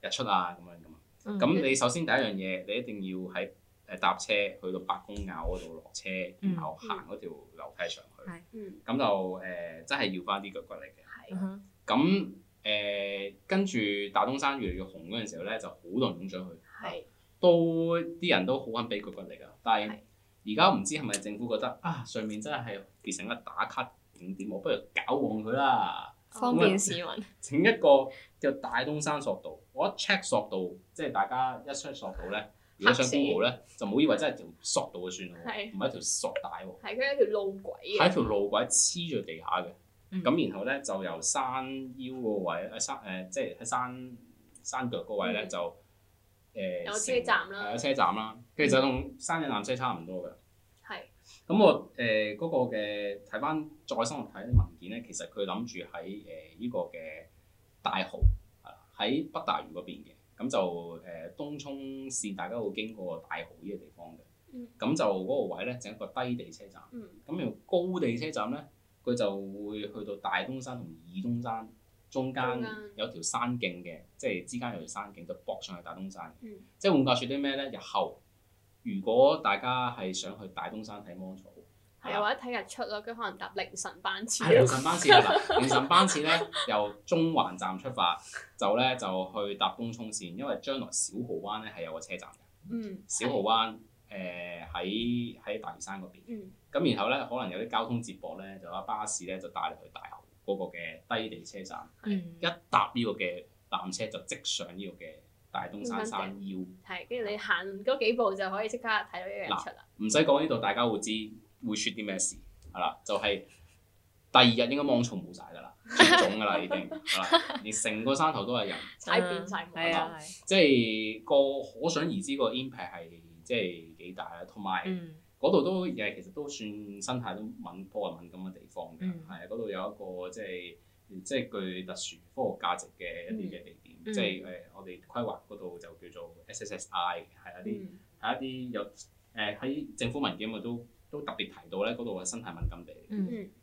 日出啊，咁樣咁咁你首先第一樣嘢，你一定要喺誒搭車去到伯公坳嗰度落車，然後行嗰條樓梯上去。咁就誒真係要翻啲腳骨力嘅。咁誒跟住大東山越嚟越紅嗰陣時候咧，就好多人湧上去。係。都啲人都好肯俾佢過嚟噶，但係而家唔知係咪政府覺得啊，上面真係變成一個打卡景點，我不如搞旺佢啦，方便市民。整一個叫大東山索道，我一 check 索道，即係大家一 check 索道咧，如果想邊路咧，就唔好以為真係條索道就算咯，唔係是一條索帶喎。係佢一條路軌啊。係一條路軌黐住地下嘅，咁，嗯，然後咧就由山腰個位，誒山誒呃即係喺山山腳個位咧就。嗯誒、呃、有車站啦，係有、呃、車站啦，其實同山嶺纜車差唔多㗎。係是。咁我誒嗰、呃那個嘅睇返再深入睇啲文件咧，其實佢諗住喺誒呢個嘅大濠，喺北大嶼嗰邊嘅。咁就誒、呃、東涌線大家會經過大濠呢個地方嘅。咁、嗯、就嗰個位咧，就一個低地車站。咁由、嗯、高地車站咧，佢就會去到大東山同二東山。中間有條山徑嘅，即係之間有條山徑就駁上去大東山。嗯、即係換句説，啲咩咧？日後如果大家係想去大東山睇芒草，係或者睇日出咯，佢可能搭凌晨班次。凌晨班次，凌晨班次咧，由中環站出發，就咧就去搭東涌線，因為將來小蠔灣咧係有個車站嘅。嗯。小蠔灣誒喺喺大嶼山嗰邊。嗯。咁然後咧，可能有啲交通接駁咧，就有巴士咧，就帶你去大口。嗰個嘅低地車站，一搭呢個嘅纜車就直上呢個嘅大東山山腰，係跟住你行嗰幾步就可以即刻睇到啲人出啦。唔使講呢度，大家會知會出啲咩事係啦，就係第二日應該芒草冇晒㗎啦，絕種㗎啦已經，係啦，連成個山頭都係人踩遍曬，係啊係，即係個可想而知個 impact 係即係幾大啦，同埋。嗰度都嘢，其實都算生態都敏，破壞敏感嘅地方嘅，係啊、嗯，嗰度有一個、就是、即係即係具特殊科學價值嘅一啲嘅地點，即係誒我哋規劃嗰度就叫做 SSSI，係一啲係、嗯、一啲有誒喺、呃、政府文件我都都特別提到咧，嗰度嘅生態敏感地。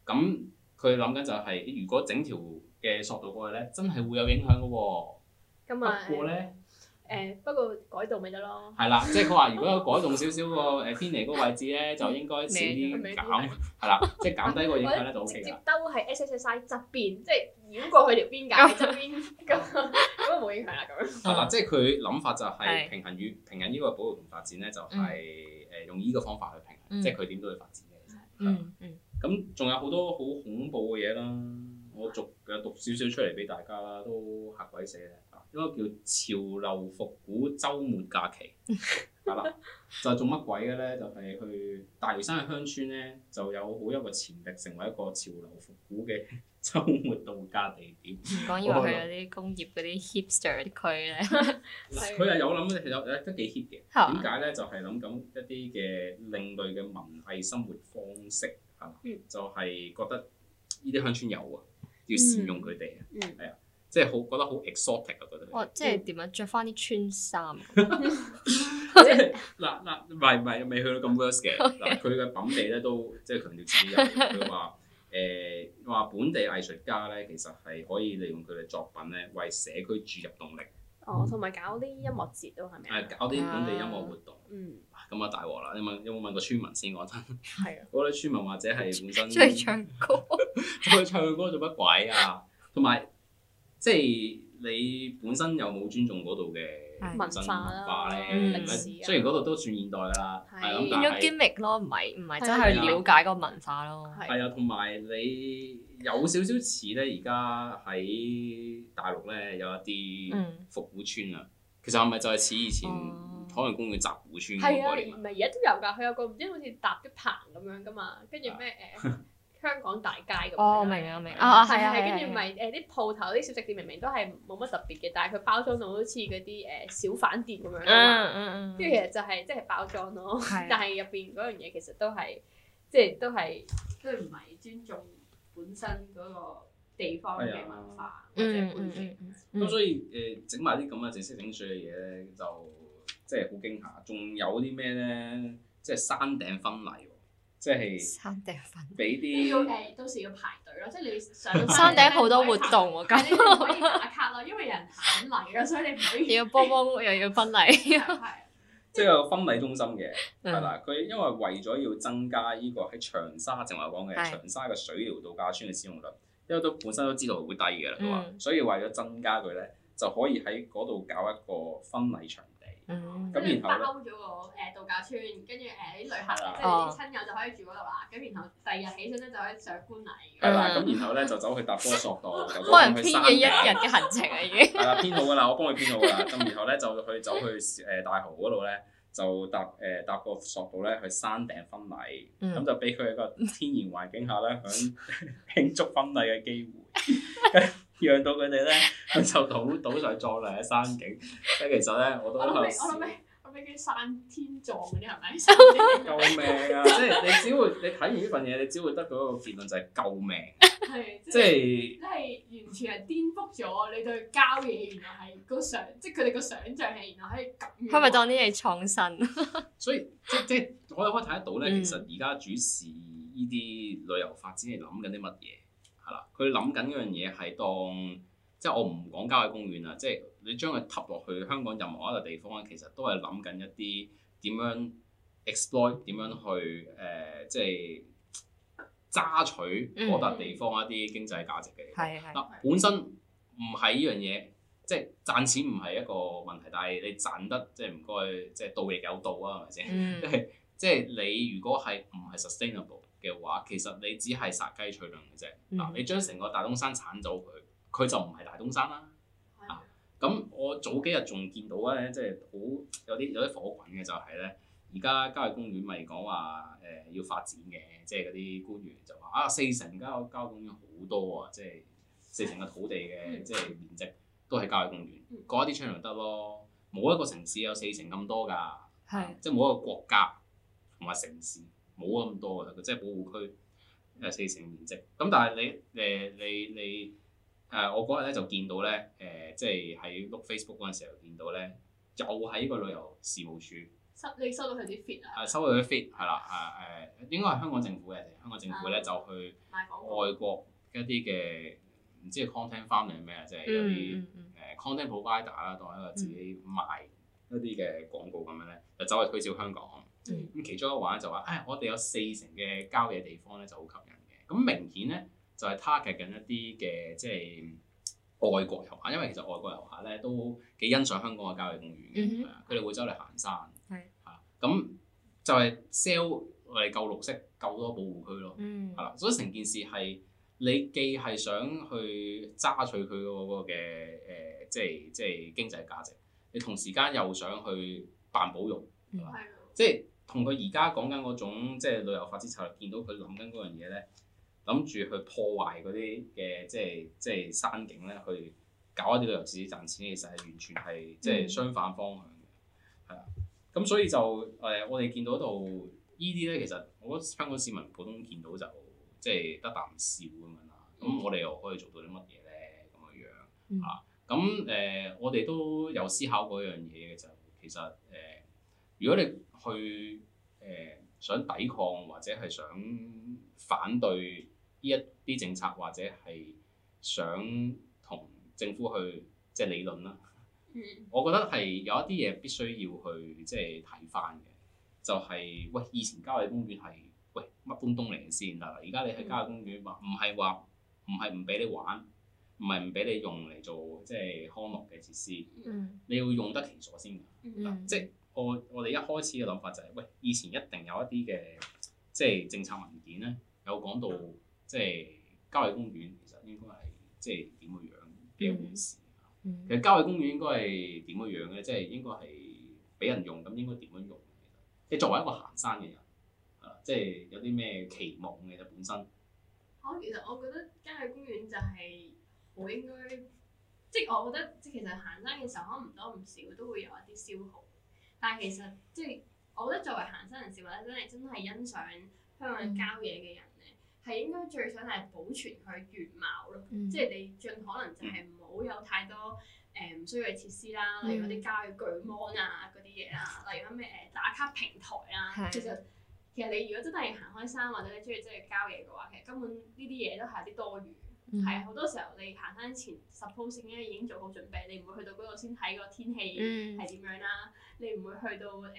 咁佢諗緊就係、是、如果整條嘅索道過去咧，真係會有影響嘅喎。不過咧。嗯嗯。誒不過改動咪得咯，係啦，即係佢話如果有改動少少個誒偏離嗰個位置咧，就應該少啲減，係啦，即係減低個影響咧就 OK。直接兜喺 SSSI 側邊，即係繞過去條邊界側邊咁，咁就冇影響啦咁。係啦，即係佢諗法就係平衡與平衡呢個保護同發展咧，就係誒用呢個方法去平衡，即係佢點都會發展嘅其實。咁仲有好多好恐怖嘅嘢啦，我逐嘅讀少少出嚟俾大家啦，都嚇鬼死啊！一個叫潮流復古週末假期，係啦， 就係、做乜鬼嘅咧？就係、係、去大嶼山嘅鄉村咧，就有好一個潛力成為一個潮流復古嘅週末度假地點。講以為去嗰啲工業嗰啲 hipster 啲區咧，佢係有諗嘅，有都幾 hit 嘅。點解咧？就係諗緊一啲嘅另類嘅文藝生活方式，係、嗯、就係覺得呢啲鄉村有啊，要善用佢哋啊，係啊、嗯。嗯即係好覺得好 exotic 啊！覺得 otic，哦，即係、 即係點樣着翻啲村衫？即係嗱嗱，唔係唔係，未去到咁 worse 嘅。佢嘅 Okay. 品味咧都即係強調自己有。佢話誒話本地藝術家咧，其實係可以利用佢哋作品咧，為社區注入動力。哦，同埋搞啲音樂節都係咪？誒、啊，搞啲本地音樂活動。啊、嗯，咁啊大鑊啦！有問有冇問過村民先講真？係、 嗯、啊，嗰啲村民或者係本身 出去唱歌，出去唱歌做乜鬼啊？同埋。即係你本身有冇尊重嗰度嘅文化咧？歷史啊，雖然嗰度都算現代啦，係咁。但係演咗 gimmick 咯，唔係唔係真係瞭解個文化咯。係啊，同埋你有少少似咧，而家喺大陸咧有一啲復古村啊。其實係咪就係似以前海洋公園集古村，係啊，唔係而家都有㗎，佢有個唔知好似搭啲棚咁樣㗎嘛，跟住咩誒？香港大街咁樣，哦，明明我明，啊，係啊，係，跟住咪誒啲鋪頭、啲小食店明明都係冇乜特別嘅，但係佢包裝到好似嗰啲誒小販店咁樣，跟住其實就係即係包裝咯，但係入邊嗰樣嘢其實都係即係都係都唔係尊重本身嗰個地方嘅文化或者本地。咁所以誒整埋啲咁嘅整色整水嘅嘢咧，就即係好驚嚇。仲有啲咩咧？即係山頂婚禮。即係山頂份，俾啲要排，到時要排隊咯。即係你上山頂好多活動喎，咁可以打卡咯。因為有人婚嚟咯，所以你可以又要波波屋又要婚禮，係 即係有個婚禮中心嘅係啦。佢 因為為咗要增加呢個喺長沙，正話講嘅長沙嘅水療度假村嘅使用率， 因為都本身都知道會低嘅啦，嗯、所以為咗增加佢咧，就可以喺嗰度搞一個婚禮場。咁、嗯、然後，然後包咗個誒度假村，跟住誒啲旅客，即係啲親友就可以住嗰度啦。咁然後第二日起身咧，就可以上觀禮。咁、嗯、然後咧 就走去搭波索道，幫人編嘅 一日嘅行程啊，已經係啦，編好噶啦，我幫佢編好噶啦。咁 然後咧就去走去誒大豪嗰度咧，就搭誒、呃、搭個索道咧去山頂婚禮。咁、嗯、就俾佢一個天然環境下咧，響 慶祝婚禮嘅機會，讓到佢哋咧。就島島上壯麗嘅山景，即係其實咧，我都我諗我諗，我諗叫山天壯嗰啲係咪？救命啊！即係你只會你睇完呢份嘢，你只會得嗰個結論就係救命。係，即係即係完全係顛覆咗你對郊野原來係個想，即係佢哋個想像係原來可以咁。係咪當啲嘢創新？所以即即我哋可以睇得到咧，其實而家主事依啲旅遊發展係諗緊啲乜嘢？係啦，佢諗緊嗰樣嘢係當。即係我唔講郊野公園啦，即係你將佢揼落去香港任何一個地方咧，其實都係諗緊一啲點樣 exploit，點樣去誒、呃，即係揸取嗰笪地方一啲經濟價值嘅。係係嗱，本身唔係依樣嘢，即係、嗯、賺錢唔係一個問題，但係你賺得即係唔該，即係盜亦有道啊，係咪先？即係你如果係唔係 sustainable 嘅話，其實你只係殺雞取卵嘅啫。嗱、嗯，你將成個大東山剷走佢。佢就唔係大東山啦啊！咁我早幾日仲見到咧，即係好有啲有啲火滾嘅就係、是、咧，而家郊野公園咪講話誒要發展嘅，即係嗰啲官員就話啊，四成郊郊野公園好多啊，即、就、係、是、四成嘅土地嘅即係面積都係郊野公園，割、嗯、一啲出嚟得咯。冇一個城市有四成咁多㗎，係是即係冇一個國家同埋城市冇咁多㗎，佢即係保護區誒四成面積。咁但係你誒你你。你你你你你誒，uh, 我嗰日咧就見到咧，誒、呃，即、就、係、是、喺碌 Facebook 嗰陣時候見到咧，就喺個旅遊事務處收，你收到佢啲 fit 啊？誒，收到佢啲 fit 係啦，誒、啊、誒、呃，應該係香港政府嘅啫。香港政府咧就去外國一啲嘅唔知 content farm 定係咩啊？即係嗰啲誒 content provider 啦、嗯，當一個自己賣一啲嘅廣告咁樣咧，嗯、就走去推銷香港。咁、嗯、其中一環就話：誒、哎，我哋有四成嘅交易地方咧就好吸引嘅。咁明顯咧。就係 target 緊一啲嘅即係外國遊客，因為其實外國遊客咧都幾欣賞香港嘅郊野公園嘅，佢哋、mm hmm. 嗎會走嚟行山，係咁、mm hmm. 就係 sell 嚟夠綠色、夠多保護區咯，係啦、mm hmm.，所以成件事係你既係想去揸取佢嗰個嘅誒，即係即係經濟價值，你同時間又想去扮保育，係、mm hmm. 即係同佢而家講緊嗰種即係旅遊發展策略，見到佢諗緊嗰樣嘢咧。諗住去破壞嗰啲嘅即係即係山景咧，去搞一啲旅遊業賺錢，其實係完全係、嗯、即係相反方向嘅，係啊。咁所以就誒、呃，我哋見到度呢啲咧，其實我覺得香港市民普通見到就即係得啖笑咁樣啦。咁我哋又可以做到啲乜嘢咧？咁嘅樣嚇。咁誒、嗯啊呃，我哋都有思考過嗰樣嘢嘅就，其實誒、呃，如果你去誒、呃、想抵抗或者係想反對。呢一啲政策或者係想同政府去即係理論啦。嗯、我覺得係有一啲嘢必須要去即係睇翻嘅，就係、是、喂以前郊野公園係喂乜東東嚟先啦。而家你去郊野公園，唔係話唔係唔俾你玩，唔係唔俾你用嚟做即係康樂嘅設施。嗯、你要用得其所先。嗱、嗯，即係我我哋一開始嘅諗法就係、是、喂以前一定有一啲嘅即係政策文件咧有講到。即係郊野公園，其實應該係即係點嘅樣嘅一回事。嗯、其實郊野公園應該係點嘅樣咧？即係應該係俾人用，咁應該點樣用？其實，你作為一個行山嘅人，即係有啲咩期望嘅本身。嚇、哦，其實我覺得郊野公園就係我應該，即係我覺得即係其實行山嘅時候，可能唔多唔少都會有一啲消耗。但係其實即係我覺得作為行山人士或者真係真係欣賞香港郊野嘅人咧。嗯係應該最想係保存佢原貌咯，嗯、即係你盡可能就係唔好有太多誒唔、嗯呃、需要嘅設施啦，例如嗰啲家具、巨網啊嗰啲嘢啦，例如咩誒打卡平台啊。其實、嗯、其實你如果真係行開山或者你中意真係郊野嘅話，其實根本呢啲嘢都係啲多餘，係好、嗯、多時候你行山前 suppose 已經已經做好準備，你唔會去到嗰度先睇個天氣係點樣啦，嗯、你唔會去到誒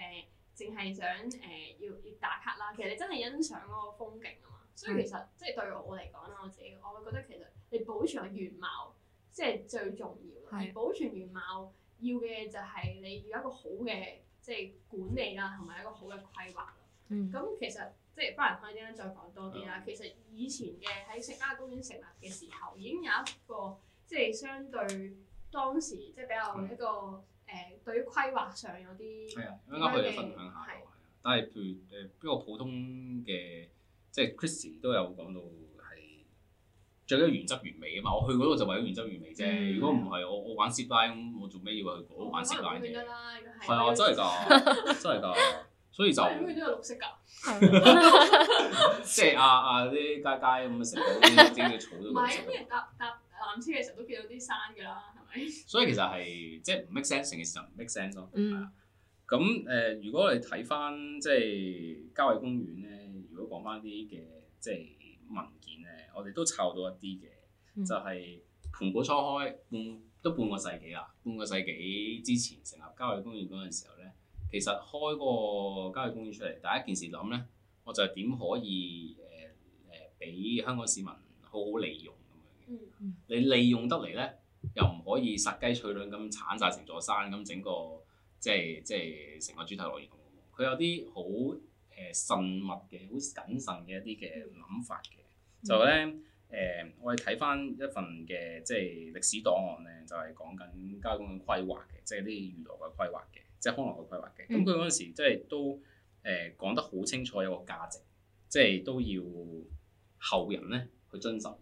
淨係想誒要、呃、要打卡啦。其實你真係欣賞嗰個風景。所以其實即係對我嚟講啦，我自己我會覺得其實你保存原貌即係最重要啦。是的 保存原貌要嘅就係你要一個好嘅即係管理啦，同埋一個好嘅規劃。咁、嗯、其實即係返嚟可以啲咧再講多啲啦。是的 其實以前嘅喺石灣公園成立嘅時候已經有一個即係相對當時即係比較一個誒的、呃、對於規劃上有啲係啊，啱啱可以分享下係啊，但係譬如誒一個普通嘅。即係 Christy 都有講到係最緊要原汁原味啊嘛！我去嗰度就為咗原汁原味啫。嗯、如果唔係，我玩 Line，我玩 Zip-line 咁，我做咩要去嗰度玩 Zip-line 嘅？係啊，的是真係㗎， 真係㗎。所以就咁，佢都、 啊啊、有綠色㗎。即係啊，阿啲街街咁啊，食到啲啲草都綠色。唔係，咁你搭搭纜車嘅時候都見到啲山㗎啦，係咪？所以其實係即係唔 make sense 成件事就唔 make sense 咯。嗯。咁誒， 如果你睇翻即係郊野公園咧？就是講翻啲嘅即係文件咧，我哋都湊到一啲嘅，嗯、就係盤古初開半都半個世紀啦，半個世紀之前成立郊野公園嗰陣時候咧，其實開個郊野公園出嚟，第一件事諗咧，我就係點可以誒誒俾香港市民好好利用咁樣嘅，嗯嗯、你利用得嚟咧，又唔可以殺雞取卵咁剷晒成座山咁整個，即係即係成個主題樂園。佢有啲好誒慎密嘅，好謹慎嘅一啲嘅諗法嘅，就咧誒、嗯呃，我哋睇翻一份嘅即係歷史檔案咧，就係、是、講緊交通嘅規劃嘅，即係啲娛樂嘅規劃嘅，即係康樂嘅規劃嘅。咁佢嗰陣時即係都誒、呃、講得好清楚，有個價值，即係都要後人咧去遵守，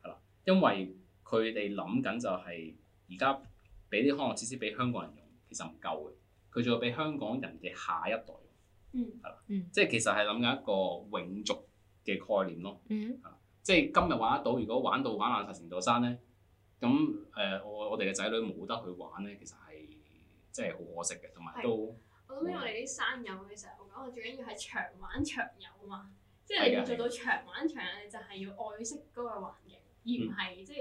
係啦，因為佢哋諗緊就係而家俾啲康樂設施俾香港人用，其實唔夠嘅，佢仲要俾香港人嘅下一代。嗯，係啦，嗯，即係其實係諗緊一個永續嘅概念咯，嗯哼，啊，即係今日玩得到，如果玩到玩爛曬成座山咧，咁誒、呃，我我哋嘅仔女冇得去玩咧，其實係即係好可惜嘅，同埋都，我諗因為我哋啲山友嘅時候，我講，我最緊要係長玩長遊啊嘛，即係你要做到長玩長遊，的就係要愛惜嗰個環境，而唔係即係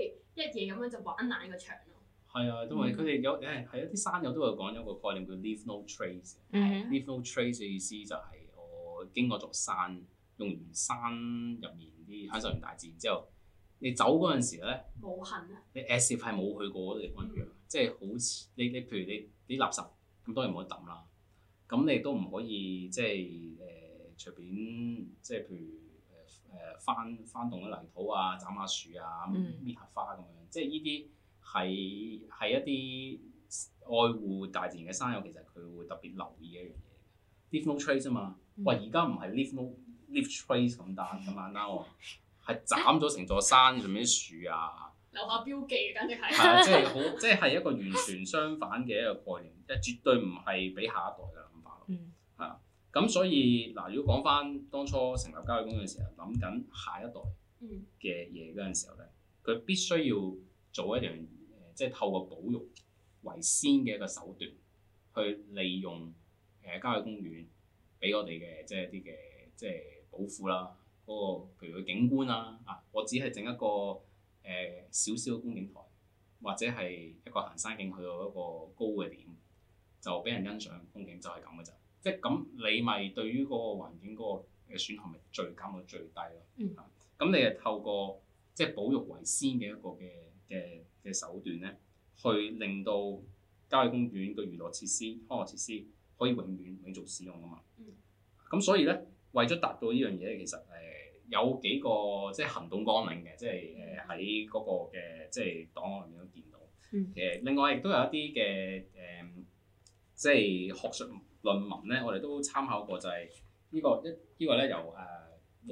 一夜咁樣就玩爛個場咯。係啊，因為佢哋有誒係有啲山友都會講一個概念叫 leave no, trace、mm hmm. leave no trace。leave no trace 嘅意思就係我經過座山，用完山入面啲享受完大自然之後，你走嗰陣時咧，冇痕啊。你 as if 係冇去過嗰地方一樣，即係好似你你譬如你啲垃圾咁當然唔可以抌啦。咁你都唔可以即係誒、呃、隨便，即係譬如誒誒、呃、翻翻動啲泥土啊，斬下樹啊，搣、mm hmm. 下花咁樣，即係呢啲。係係一啲愛護大自然嘅山友，其實佢會特別留意一樣嘢，leave no trace 啊嘛。喂、嗯，而家唔係 leave no trace 咁單咁簡單喎，係斬咗成座山上面啲樹啊，留下標記，簡直係係啊，即係好即係一個完全相反嘅一個概念，即係絕對唔係俾下一代嘅諗法咯。係啊、嗯，咁所以嗱、呃，如果講翻當初成立郊野公園嘅時候，諗緊下一代嘅嘢嗰陣時候咧，佢必須要。做一樣誒，即係透過保育為先嘅一個手段，去利用誒郊野公園俾我哋嘅即係一啲嘅即係保護啦，嗰個譬如佢景觀啦啊，我只係整一個誒少少嘅觀景台，或者係一個行山徑去到一個高嘅點，就俾人欣賞風景就係咁嘅就，即係咁你咪對於嗰個環境嗰個嘅損害咪最減到最低咯。嗯。咁、啊、你就透過即係保育為先嘅一個嘅。嘅嘅手段咧，去令到郊野公園嘅娛樂設施、康樂設施可以永遠永續使用啊嘛。咁、嗯、所以咧，為咗達到呢樣嘢咧，其實誒有幾個即係行動綱領嘅，即係誒喺嗰個嘅即係檔案入面都見到。嗯。另外亦都有一啲嘅誒，即係學術論文咧，我哋都參考過，就係、是、呢、呢個一呢、呢個咧由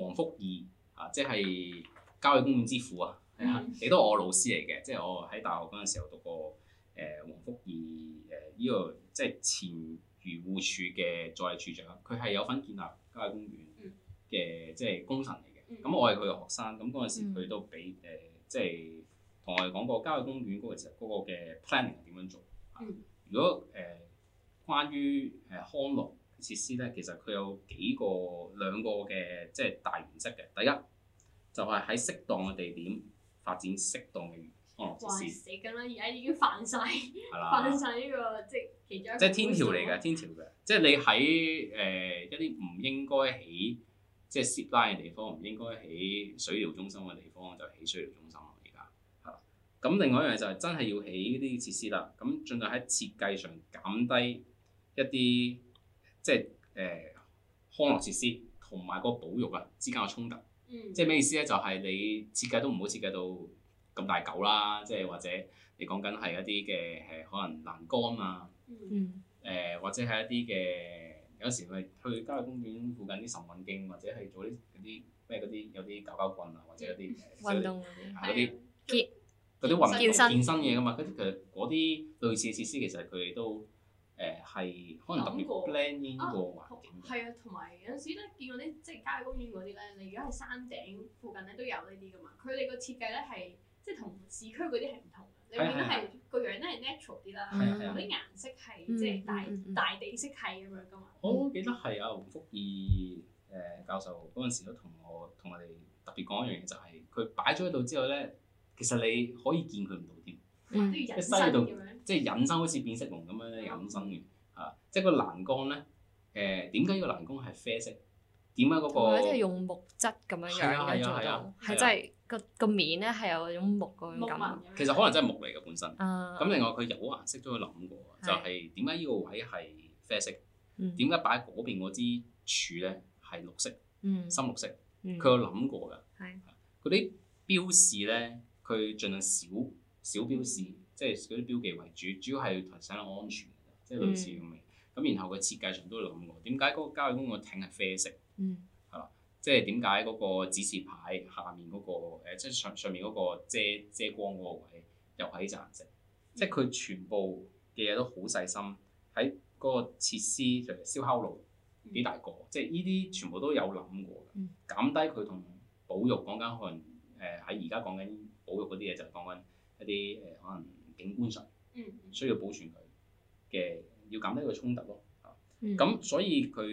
誒黃福義啊，即係郊野公園之父啊。你都、mm hmm. 我老師嚟嘅，即係我喺大學嗰陣時候讀過誒、呃、黃福怡黃福義誒呢個即係前漁護署嘅助理署長，佢係有份建立郊野公園嘅，mm hmm. 即係功臣嚟嘅。咁、mm hmm. 我係佢嘅學生，咁嗰陣時佢都俾誒、mm hmm. 呃、即係同我哋講過郊野公園嗰其實嗰個嘅 planning 係點樣做。啊 mm hmm. 如果誒、呃、關於誒、呃、康樂設施咧，其實佢有幾個兩個嘅即係大原則嘅。第一就係喺適當嘅地，地點。發展適當嘅康樂設施。哇！死梗啦，而家已經犯曬，犯晒呢個即係其中一個 即係天條嚟㗎，天條㗎。即係你喺誒、呃、一啲唔應該起即係 Zip line 嘅地方，唔應該起水療中心嘅地方，就起水療中心啦。而家係啦。咁、嗯、另外一樣就係真係要起呢啲設施啦。咁盡量喺設計上減低一啲即係誒康樂設施同埋個保育啊之間嘅衝突。嗯、即係咩意思咧？就係、是、你設計都唔好設計到咁大嚿啦，即係或者你講緊係一啲嘅誒，可能欄杆啊，誒或者係一啲嘅有時去去郊野公園附近啲晨運徑，或者係做啲啲咩嗰啲有啲狗狗棍啊，或者一啲、嗯呃、運啲嗰啲健嗰健身嘢㗎嘛，啲其實嗰啲類似嘅設施其實佢哋都。誒係可能特別 blend 過環境係啊，同埋有陣時咧，見過啲即係郊野公園嗰啲咧，你如果係山頂附近咧都有呢啲噶嘛。佢哋個設計咧係即係同市區嗰啲係唔同。你見到係個樣咧係 natural 啲啦，嗰啲顏色係即係大大地色系咁樣噶嘛。我記得係啊，黃福義誒教授嗰陣時都同我同我哋特別講一樣嘢，就係佢擺咗喺度之後咧，其實你可以見佢唔到添，即係西度咁。即係隱身，好似變色龍咁樣隱身嘅，啊！即係個欄杆咧，誒點解呢個欄杆係啡色？點解嗰個？係即係用木質咁樣啊，係啊，係真係個個面咧係有種木嗰種感。其實可能真係木嚟嘅本身。咁另外佢有顏色都諗過，就係點解呢個位係啡色？點解擺嗰邊嗰支柱咧係綠色？深綠色。佢有諗過㗎。係。啲標示咧，佢盡量少少標示。即係嗰啲標記為主，主要係提升安全，即係類似咁嘅。咁、嗯、然後佢設計上都有諗過，點解嗰個郊野公園個艇係啡色？嗯，係嘛？即係點解嗰個指示牌下面嗰個誒，即係上上面嗰個遮遮光嗰個位又係呢隻顏色？即係佢全部嘅嘢都好細心，喺嗰個設施，譬如燒烤爐幾大個，即係呢啲全部都有諗過。嗯，減低佢同保育講緊可能誒喺而家講緊保育嗰啲嘢，就講緊一啲誒可能。可能景觀上，嗯，需要保存佢嘅，要減低個衝突咯。咁、嗯、所以佢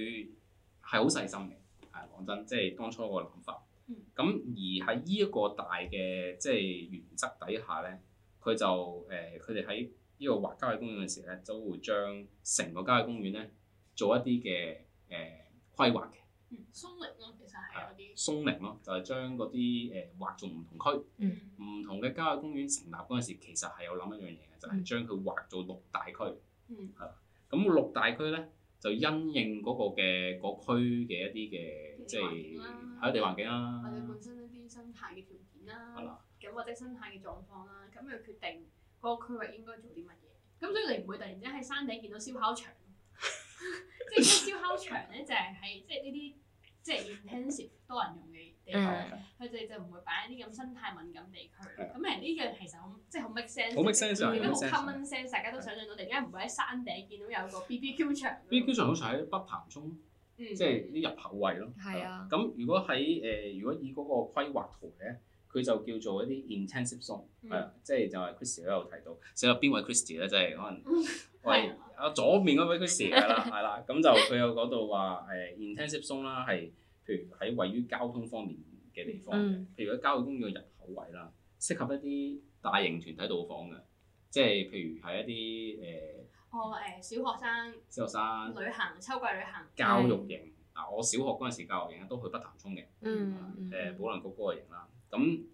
係好細心嘅。啊，講真，即係當初個諗法。咁、嗯、而喺呢一個大嘅即係原則底下咧，佢就誒佢哋喺呢個劃郊野公園嘅時候咧，都會將成個郊野公園咧做一啲嘅誒規劃嘅、嗯。松力咯、啊。啊、松寧咯，就係將嗰啲誒劃做唔同區，唔、嗯、同嘅郊野公園成立嗰陣時，其實係有諗一樣嘢嘅、嗯，就係將佢劃做六大區，係啦、嗯。咁、uh. 六大區咧，就因應嗰個嘅個區嘅一啲嘅，即係土地環境啦，或者本身一啲生態嘅條件啦，咁或者生態嘅狀況啦，咁去決定嗰個區域應該做啲乜嘢。咁所以你唔會突然之間喺山頂見到燒烤場，即係燒烤場咧就係喺即係呢啲。即係 intensive 多人用嘅地方，佢哋 就唔會擺喺啲咁生態敏感地區。咁誒呢樣其實好即係好 make sense，好 common sense，make sense，大家都對 想像到，點解唔會喺山頂見到有個 BBQ 場？BBQ 場好似喺北潭涌， 即係啲入口位咯。係啊的，咁的如果喺誒、呃，如果以嗰個規劃圖咧。佢就叫做一啲 intensive zone，即係就係 Christy 都有提到，寫咗邊位 Christy 咧？即係可能喂，啊，左面嗰位 Christy 啦，係啦，咁就佢有講到話誒 intensive zone 啦，係譬如喺位於交通方面嘅地方，譬如喺郊野公園嘅入口位啦，適合一啲大型團體到訪嘅，即係譬如係一啲誒我誒小學生，小學生旅行，秋季旅行，教育營嗱，我小學嗰陣時教育營都去北潭涌嘅，誒保良局嗰個營啦。咁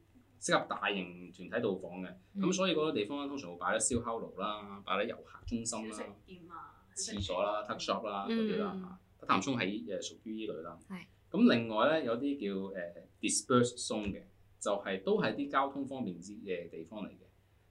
適合大型團體到訪嘅，咁所以嗰個地方咧通常會擺啲燒烤爐啦，擺啲遊客中心啦、廁所啦、特 shop 啦嗰啲啦嚇。坦言鬆喺誒屬於呢類啦。係。咁另外咧有啲叫誒 dispersed 鬆嘅，就係都係啲交通方便之嘅地方嚟嘅。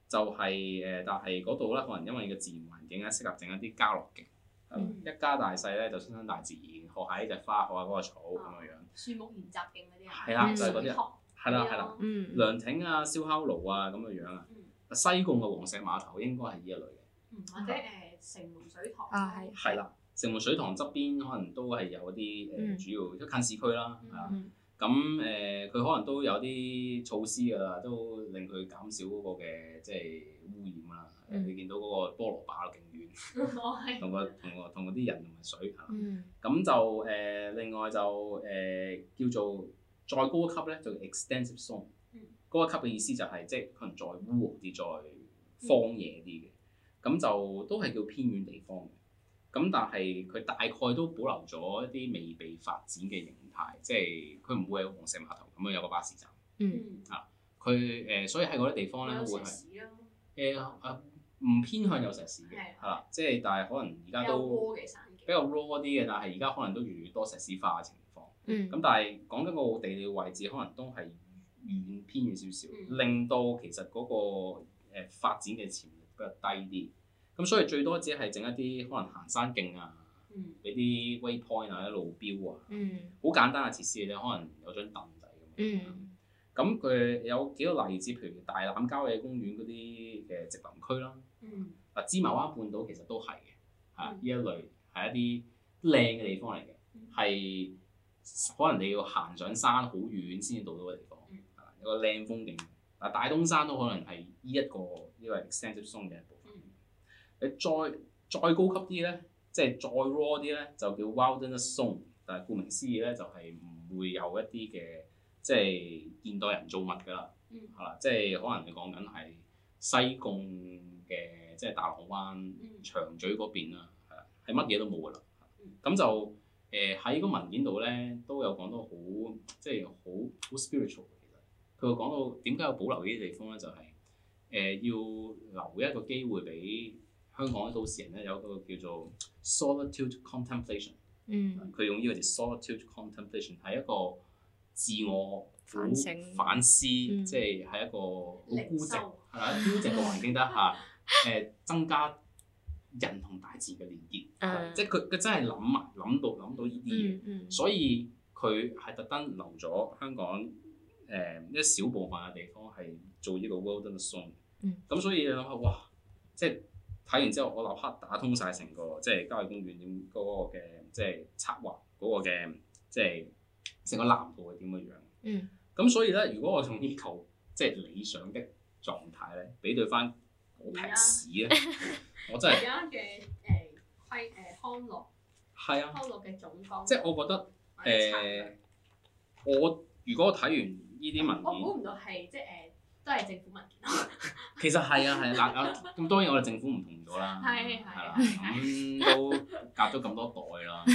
就係誒，但係嗰度咧可能因為個自然環境咧適合整一啲家樂徑，一家大細咧就親近大自然，學下呢隻花，學下嗰個草咁嘅樣。樹木研習徑啲係啦，就係嗰啲。係啦，係啦，涼亭啊、燒烤爐啊咁嘅樣啊，西貢嘅黃石碼頭應該係呢一類嘅，嗯，或者誒城門水塘、就是、 啊，係，係啦，城門水塘側邊可能都係有啲誒主要、嗯、近市區啦，啊，咁誒佢可能都有啲措施㗎啦，都令佢減少嗰個嘅即係污染啦。嗯、你見到嗰個菠蘿把勁院，同個同個同啲人同埋水啊，咁就誒另外就誒叫做。叫做再高級咧就 extensive zone，高一級嘅意思就係即係可能再污墮啲、再荒野啲嘅，咁就都係叫偏遠地方嘅。咁但係佢大概都保留咗一啲未被發展嘅形態，即係佢唔會係黃石碼頭咁啊有個巴士站。嗯，啊，佢誒所以喺嗰啲地方咧會係誒啊唔偏向有石屎嘅，係啦，即係但係可能而家都比較 raw 啲嘅，但係而家可能都越嚟越多石屎化嘅情咁但係講緊個地理位置，可能都係遠偏遠少少，令到其實嗰個誒發展嘅潛力比較低啲。咁所以最多只係整一啲可能行山徑啊，俾啲 waypoint 啊、路標啊，好簡單嘅設施，你可能有張凳仔咁樣。嗯，咁佢有幾個例子，譬如大欖郊野公園嗰啲嘅植林區啦，嗱，芝麻灣半島其實都係嘅，係呢一類係一啲靚嘅地方嚟嘅，係。可能你要行上山好遠先到到個地方，係啦、嗯，一個靚風景。嗱，大東山都可能係呢一個因為、呢個、extensive zone 嘅一部分。你、嗯、再再高級啲咧，即係再 raw 啲咧，就叫 wilderness zone，但係顧名思義咧就係唔會有一啲嘅即係現代人造物㗎啦，係啦、嗯，即係可能你講緊係西貢嘅即係大浪灣、長嘴嗰邊啦，係啊、嗯，係乜嘢都冇㗎啦，咁、嗯、就。誒喺嗰個文件度咧都有講到好，即係好好 spiritual。其實佢會講到點解要保留呢啲地方咧，就係、是、誒、呃、要留一個機會俾香港嘅都市人咧，有個叫做 solitude contemplation。嗯，佢用呢個字 solitude contemplation 係一個自我反省反思，嗯、即係喺一個好孤寂係受啊孤寂嘅環境底下誒 增加。人同大自然嘅連結，uh, 即係佢佢真係諗埋諗到諗到呢啲嘢，mm hmm. 所以佢係特登留咗香港誒、呃、一小部分嘅地方係做呢個 World’s Song、mm。咁、hmm. 所以你諗下，哇！即係睇完之後，我立刻打通晒成個即係郊野公園點嗰、那個嘅、那個、即係策劃嗰個嘅即係成個南部係點嘅樣。咁、mm hmm. 所以咧，如果我從呢度即係理想的狀態咧，比對翻。好劈屎啊！我真係而家嘅誒規誒康樂係啊，康樂嘅總綱，即係我覺得誒，我如果我睇完呢啲文件，我估唔到係即係誒都係政府文件，其實係啊係啊，嗱，咁當然我哋政府唔同咗啦，係係啦，咁都隔咗咁多代啦，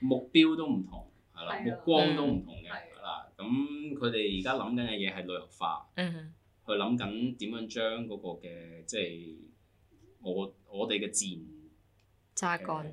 目標都唔同係啦，目光都唔同嘅啦。咁佢哋而家諗緊嘅嘢係旅遊化。佢諗緊點樣將嗰個嘅即係我我哋嘅自然揸幹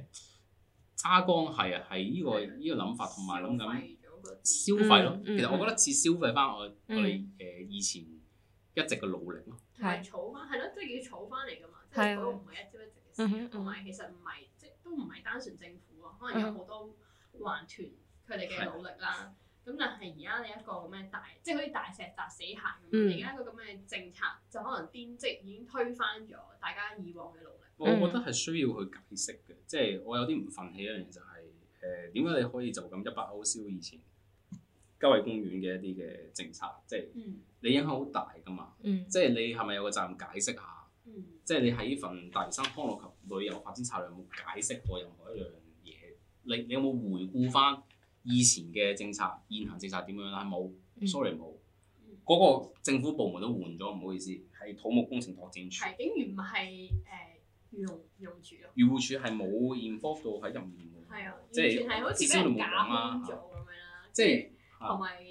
揸光係係呢個依的個諗法，同埋諗緊消費咯。嗯嗯、其實我覺得似消費翻我我哋誒以前一直嘅努力咯，係儲翻係咯，即係要儲翻嚟㗎嘛。即係嗰個唔係一朝一夕嘅事，同埋、嗯、哼其實唔係即都唔係單純政府啊，可能有好多環團佢哋嘅努力啦。咁但係而家你一個咩大，即係好似大石砸死蟹咁。而家、嗯、個咁嘅政策就可能顛，即係已經推翻咗大家以往嘅努力。我覺得係需要去解釋嘅，即、就、係、是、我有啲唔忿氣一樣嘢就係、是，誒點解你可以就咁一百歐消以前郊野公園嘅一啲嘅政策？即、就、係、是嗯、你影響好大㗎嘛？嗯、即係你係咪有個責任解釋下？即係、嗯、你喺呢份大嶼山康樂及旅遊發展策略冇解釋過任何一樣嘢？你你有冇回顧返？以前嘅政策、現行政策點樣啦？冇、嗯、sorry 冇，嗰、嗯、個政府部門都換咗，唔好意思，係土木工程拓展處，係竟然唔係誒漁護漁護處，漁護、呃、處係冇 involv 到喺入面嘅，係啊，即是完全好似俾人架空咗咁樣啦，即係同埋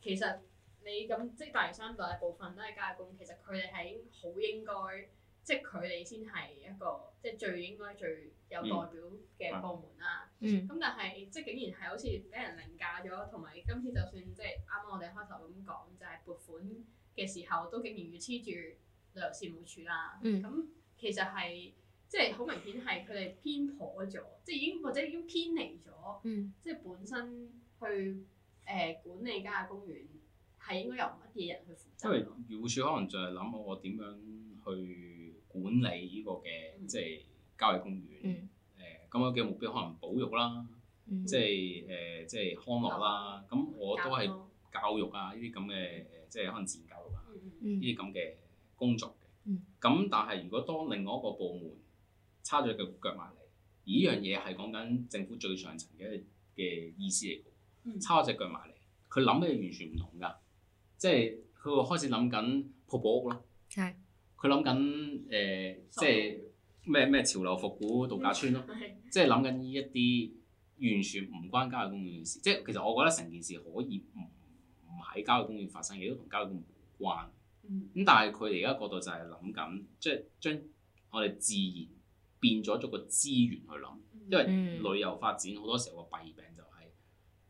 其實你咁即係大嶼山嘅部分都係加工，其實佢哋係好應該。即係佢哋先係一個，即係最應該最有代表嘅部門啦。咁但係即係竟然係好似俾人凌駕咗，同埋今次就算即係啱啱我哋開頭咁講，就係、是、撥款嘅時候都竟然要黐住旅遊事務處啦。咁、嗯、其實係即係好明顯係佢哋偏頗咗，即係已經或者已經偏離咗，嗯、即係本身去誒、呃、管理家下公園係應該由乜嘢人去負責？因為事務處可能就係諗我點樣去管理呢個嘅即係郊野公園，誒咁樣嘅目標可能保育啦，即係誒即係康樂啦。咁我都係教育啊，呢啲咁嘅即係可能自然教育啊，呢啲咁嘅工作嘅。咁但係如果當另外一個部門叉咗隻腳埋嚟，呢樣嘢係講緊政府最上層嘅嘅意思嚟嘅，叉咗隻腳埋嚟，佢諗嘅完全唔同㗎，即係佢會開始諗緊波波屋咯。係。佢諗緊誒，即係咩咩潮流復古度假村咯，即係諗緊呢一啲完全唔關郊野公園嘅事。即係其實我覺得成件事可以唔唔喺郊野公園發生嘅，亦都同郊野公園無關。咁、嗯、但係佢哋而家角度就係諗緊，即係將我哋自然變咗咗個資源去諗，因為旅遊發展好多時候個弊病就係、是、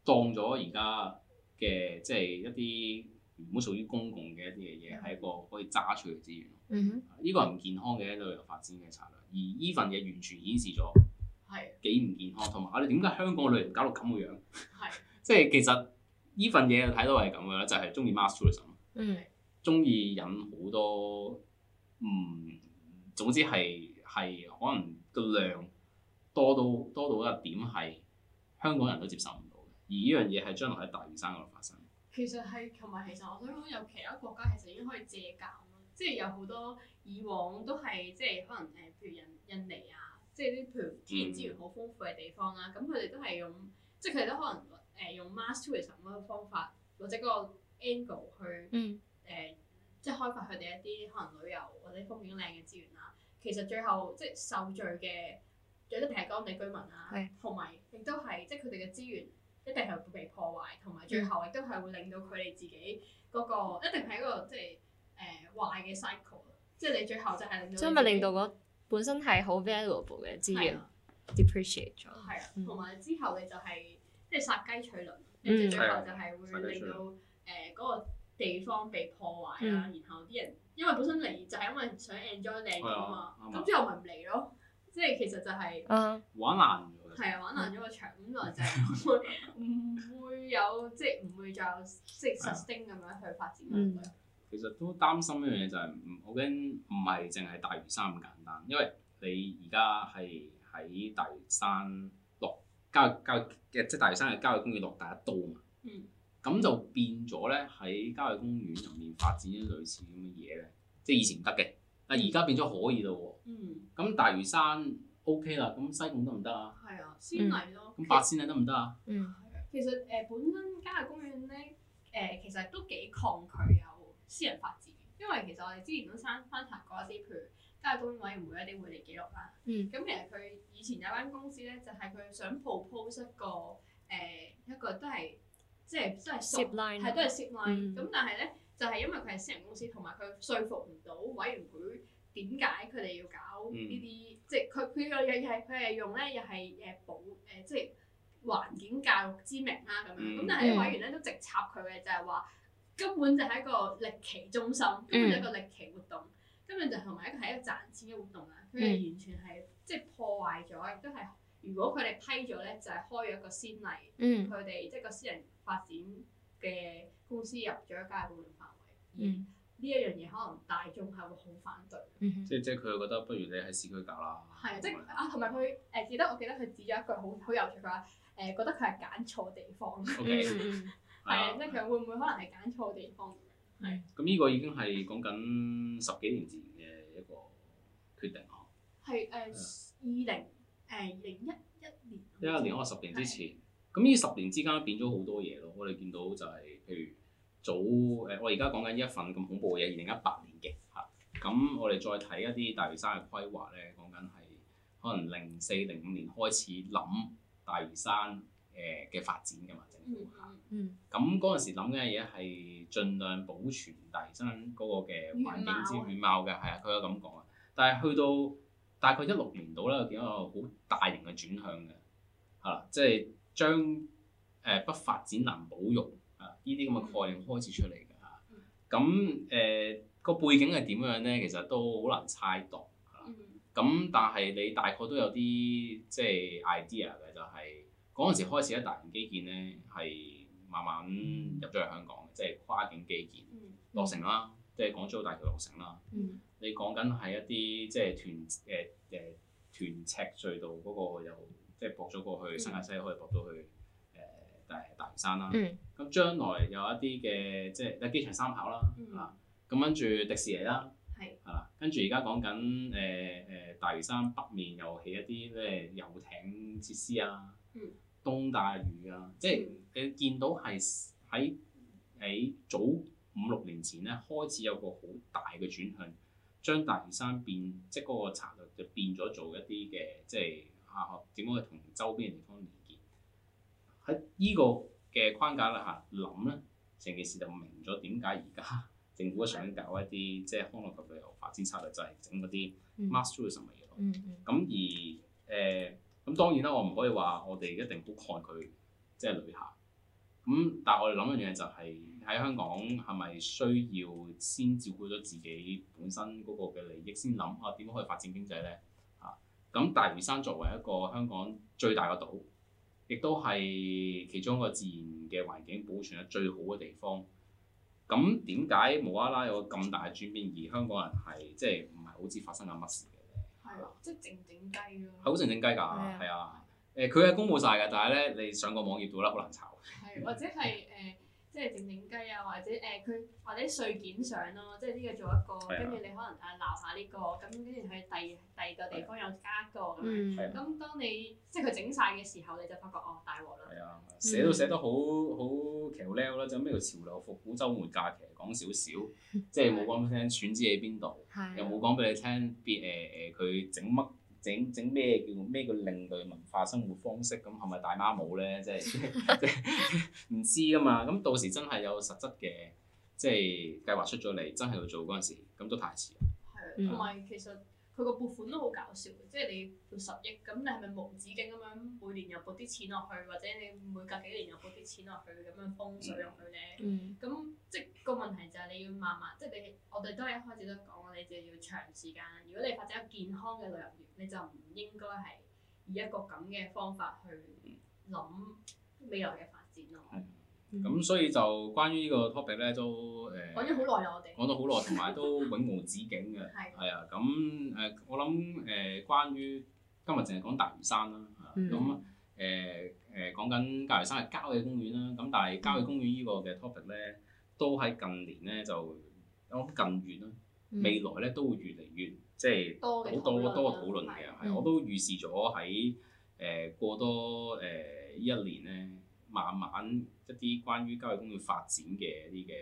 當咗而家嘅即係一啲。唔好屬於公共嘅一啲嘅嘢，係、mm hmm. 一個可以揸出嘅資源。呢、mm hmm. 個係唔健康嘅一個發展嘅策略。而呢份嘢完全顯示咗係幾唔健康，同埋我哋點解香港嘅旅遊搞到咁嘅樣？係即係其實呢份嘢睇到係咁嘅啦，就係中意 mass tourism，嗯，中意引好多唔，總之係係可能個量多到多到一個點係香港人都接受唔到，嘅。而呢樣嘢係將來喺大嶼山嗰度發生。其實係同埋，其實我想講有其他國家其實已經可以借鑑咯，即係有好多以往都係即係可能誒，譬如印印尼啊，即係啲譬如天然資源好豐富嘅地方啦，咁佢哋都係用，即係佢哋都可能誒用 master 其實咁嘅方法或者嗰個 angle 去誒、嗯呃，即係開發佢哋一啲可能旅遊或者風景靚嘅資源啦。其實最後即係受罪嘅，最得定係當地居民啊，同埋亦都係即係佢哋嘅資源，一定係會被破壞，同埋最後亦都係會令到佢哋自己嗰、嗰個一定係一個即係誒壞嘅 cycle，即係你最後就係令到，所以令到本身係好 valuable 嘅資源 depreciate 咗。係啊，同埋之後你就係即係殺雞取卵，跟住最後就係會令到誒嗰個地方被破壞啦。對然後啲人因為本身嚟就係、是、因為想 enjoy 靚景嘛，咁之後咪唔嚟咯。即係、嗯就係、其實就係、是、玩難。係啊，玩爛咗個場咁，嗯、就係唔會唔 會有即係唔會再即係上升咁樣去發展。嗯、的其實都擔心一樣嘢就係我驚唔係淨係大嶼山咁簡單，因為你而家係喺大嶼山落郊郊嘅即係大嶼山嘅郊野公園落第一刀啊嘛。咁、嗯、就變咗咧喺郊野公園入面發展類似咁嘅嘢咧，即、就、係、是、以前唔得嘅，但而家變咗可以啦喎。咁、嗯嗯、大嶼山。O K 啦，咁、okay、西貢得唔得啊？係啊，仙泥咯。咁八仙泥得唔得啊？實行行嗯，其實誒、呃、本身郊野公園咧，誒、呃、其實都幾抗拒有私人發展，因為其實我哋之前都翻翻查過一啲，譬如郊野公園委員會一啲會議記錄啦。嗯。咁其實佢以前有一間公司咧，就係、是、佢想 propose 一個誒、呃、一個都係即係都係 zip，係都係 zip line。咁但係咧，就係因為佢係私人公司，同埋佢說服唔到委員會。點解佢哋要搞呢啲？即係佢佢又又係佢係用咧，又係誒保誒，即係環境教育之名啦咁樣。咁但係委員咧都直插佢嘅，就係話根本就係一個歷奇中心，根本就一個歷奇活動，根本就同埋一個係一個賺錢嘅活動啦。佢係完全係即係破壞咗，亦都係如果佢哋批咗咧，就係開咗一個先例，佢哋即係個私人發展嘅公司入咗一家嘅保護範圍。呢一樣嘢可能大眾係會好反對，即即佢又覺得不如你喺市區搞啦。係啊，即啊同埋佢誒，記得我記得佢指咗一句好好有趣嘅話，誒覺得佢係揀錯地方。O K，係啊，即佢會唔會可能係揀錯地方？係咁，呢個已經係講緊十幾年前嘅一個決定咯。係誒，二零誒二零一一年。一一年，我十年之前，咁呢十年之間變咗好多嘢咯。我哋見到就係譬如。早誒，我而家講緊呢一份咁恐怖嘅嘢，二零、嗯、一八年嘅嚇。咁我哋再睇一啲大嶼山嘅規劃咧，講緊係可能零四零五年開始諗大嶼山誒嘅發展嘅嘛，整下、嗯。咁嗰陣時諗嘅嘢係盡量保存大嶼山嗰個嘅環境之面貌嘅，係啊貌，佢都咁講啊。但係去到大概一六年度咧，見到一個好大型嘅轉向嘅，係啦，即係將誒不發展難保育。呢啲咁嘅概念開始出嚟㗎，咁誒個背景係點樣咧？其實都好難猜度咁、嗯、但係你大概都有啲即係 idea 嘅，就係嗰陣時開始一大型基建咧係慢慢入咗去香港即係、嗯、跨境基建、嗯嗯、落成啦，即係港珠澳大橋落成啦。嗯、你講緊係一啲即係屯誒誒屯赤隧道嗰個又即係駁咗過去新界西，可以駁到去，誒大嶼山啦，咁將、嗯、來有一啲嘅即係誒機場三跑啦，啊、嗯，咁跟住迪士尼啦，係啦是，跟住而家講緊誒誒大嶼山北面又起一啲咩遊艇設施啊，東、嗯、大嶼啊，嗯、即係你見到係喺喺早五六年前咧開始有個好大嘅轉向，將大嶼山變即係嗰個策略就變咗做一啲嘅即係啊點樣去同周邊地方連？喺呢個嘅框架啦嚇，諗咧成件事就明咗點解而家政府想搞一啲、啊、即係康樂及旅遊發展策略，就係整嗰啲 master 嘅嘢咯。咁、嗯嗯嗯、而誒，咁、呃、當然啦，我唔可以話我哋一定好抗拒即係旅客。咁但係我哋諗一樣嘢就係、是、喺香港係咪需要先照顧咗自己本身嗰個嘅利益，先諗啊點樣可以發展經濟咧？嚇、啊！咁大嶼山作為一個香港最大嘅島。亦都係其中個自然嘅環境保存得最好嘅地方。咁點解無啦啦有咁大轉變，而香港人係即係唔係好知發生緊乜事嘅咧？係啦，即係靜靜雞咯。係好靜靜雞㗎，係啊。誒、啊，佢係公佈晒嘅，但係咧，你上個網頁度咧好難查。係、啊，或者係誒。 即係整整雞啊，或者誒佢、呃、或者碎件上咯，即係呢個做一個，跟住、嗯、你可能誒鬧下呢、這個，咁跟住佢第第二個地方又加一個咁，咁、嗯嗯、當你即係佢整晒嘅時候，你就發覺哦大鑊啦。係啊，寫都、嗯、寫得好好 chill 啦，就咩、是、叫潮流復古周末假期講少少，即係冇講俾你聽選址喺邊度，又冇講俾你聽別誒誒佢整乜。 整整咩叫咩叫另類文化生活方式？咁係咪大媽冇咧？即係即係唔知噶嘛。咁到時真係有實質嘅即係計劃出咗嚟，真係要做嗰陣時，咁都太遲。係啊的，同埋、嗯、其實。佢個撥款都好搞笑，即係你要十億，咁你係咪無止境咁樣每年又撥啲錢落去，或者你每隔幾年又撥啲錢落去咁樣風水落去咧？咁、嗯、即係個問題就係你要慢慢，即係你我哋都係一開始都講，你就要長時間。如果你發展一健康嘅旅遊業，你就唔應該係以一個咁嘅方法去諗未來嘅發展咯。嗯咁、 嗯、所以就關於呢個 topic 咧，都誒講咗好耐啦，我哋講咗好耐，同埋都永無止境嘅。係。係啊，咁誒，我諗誒，關於今日淨係講大嶼山啦，咁誒誒講緊大嶼山係郊野公園啦，咁但係郊野公園個呢個嘅 topic 咧，都喺近年咧就我諗近遠啦， 未來咧都會越嚟越即係好多多討論嘅，係我都預示咗喺誒過多誒呢一年咧。嗯慢慢一啲關於郊野公園發展嘅一啲嘅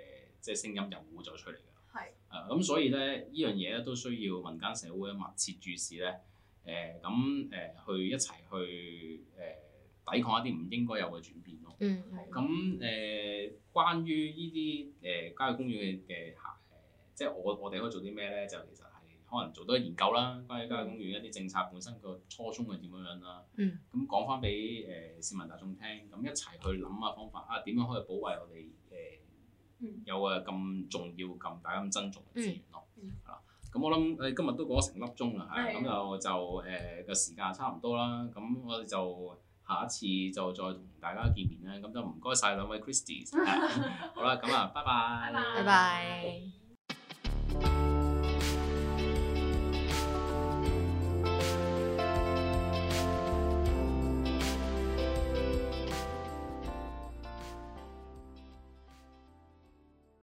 即係聲音又攰咗出嚟㗎，係是啊。咁所以咧呢、嗯、樣嘢咧都需要民間社會咧密切注視咧，誒咁誒去一齊去誒、呃、抵抗一啲唔應該有嘅轉變咯。咁誒、嗯呃，關於呢啲誒郊野公園嘅嘅行誒，即係我我哋可以做啲咩咧？就其實。可能做多啲研究啦，關於郊野公園一啲政策本身個初衷係點樣樣啦。咁講翻俾誒市民大眾聽，咁、嗯、一齊去諗下方法啊，點樣可以保衞我哋誒、呃嗯、有誒咁重要、咁、嗯、大咁珍重嘅資源咯。嗯。係啦。咁我諗誒今日都講咗成粒鐘啦，咁就就誒嘅時間差唔多啦。咁我哋就下一次就再同大家見面啦。咁就唔該晒兩位 Christy， 好啦，咁啊，拜拜。拜拜。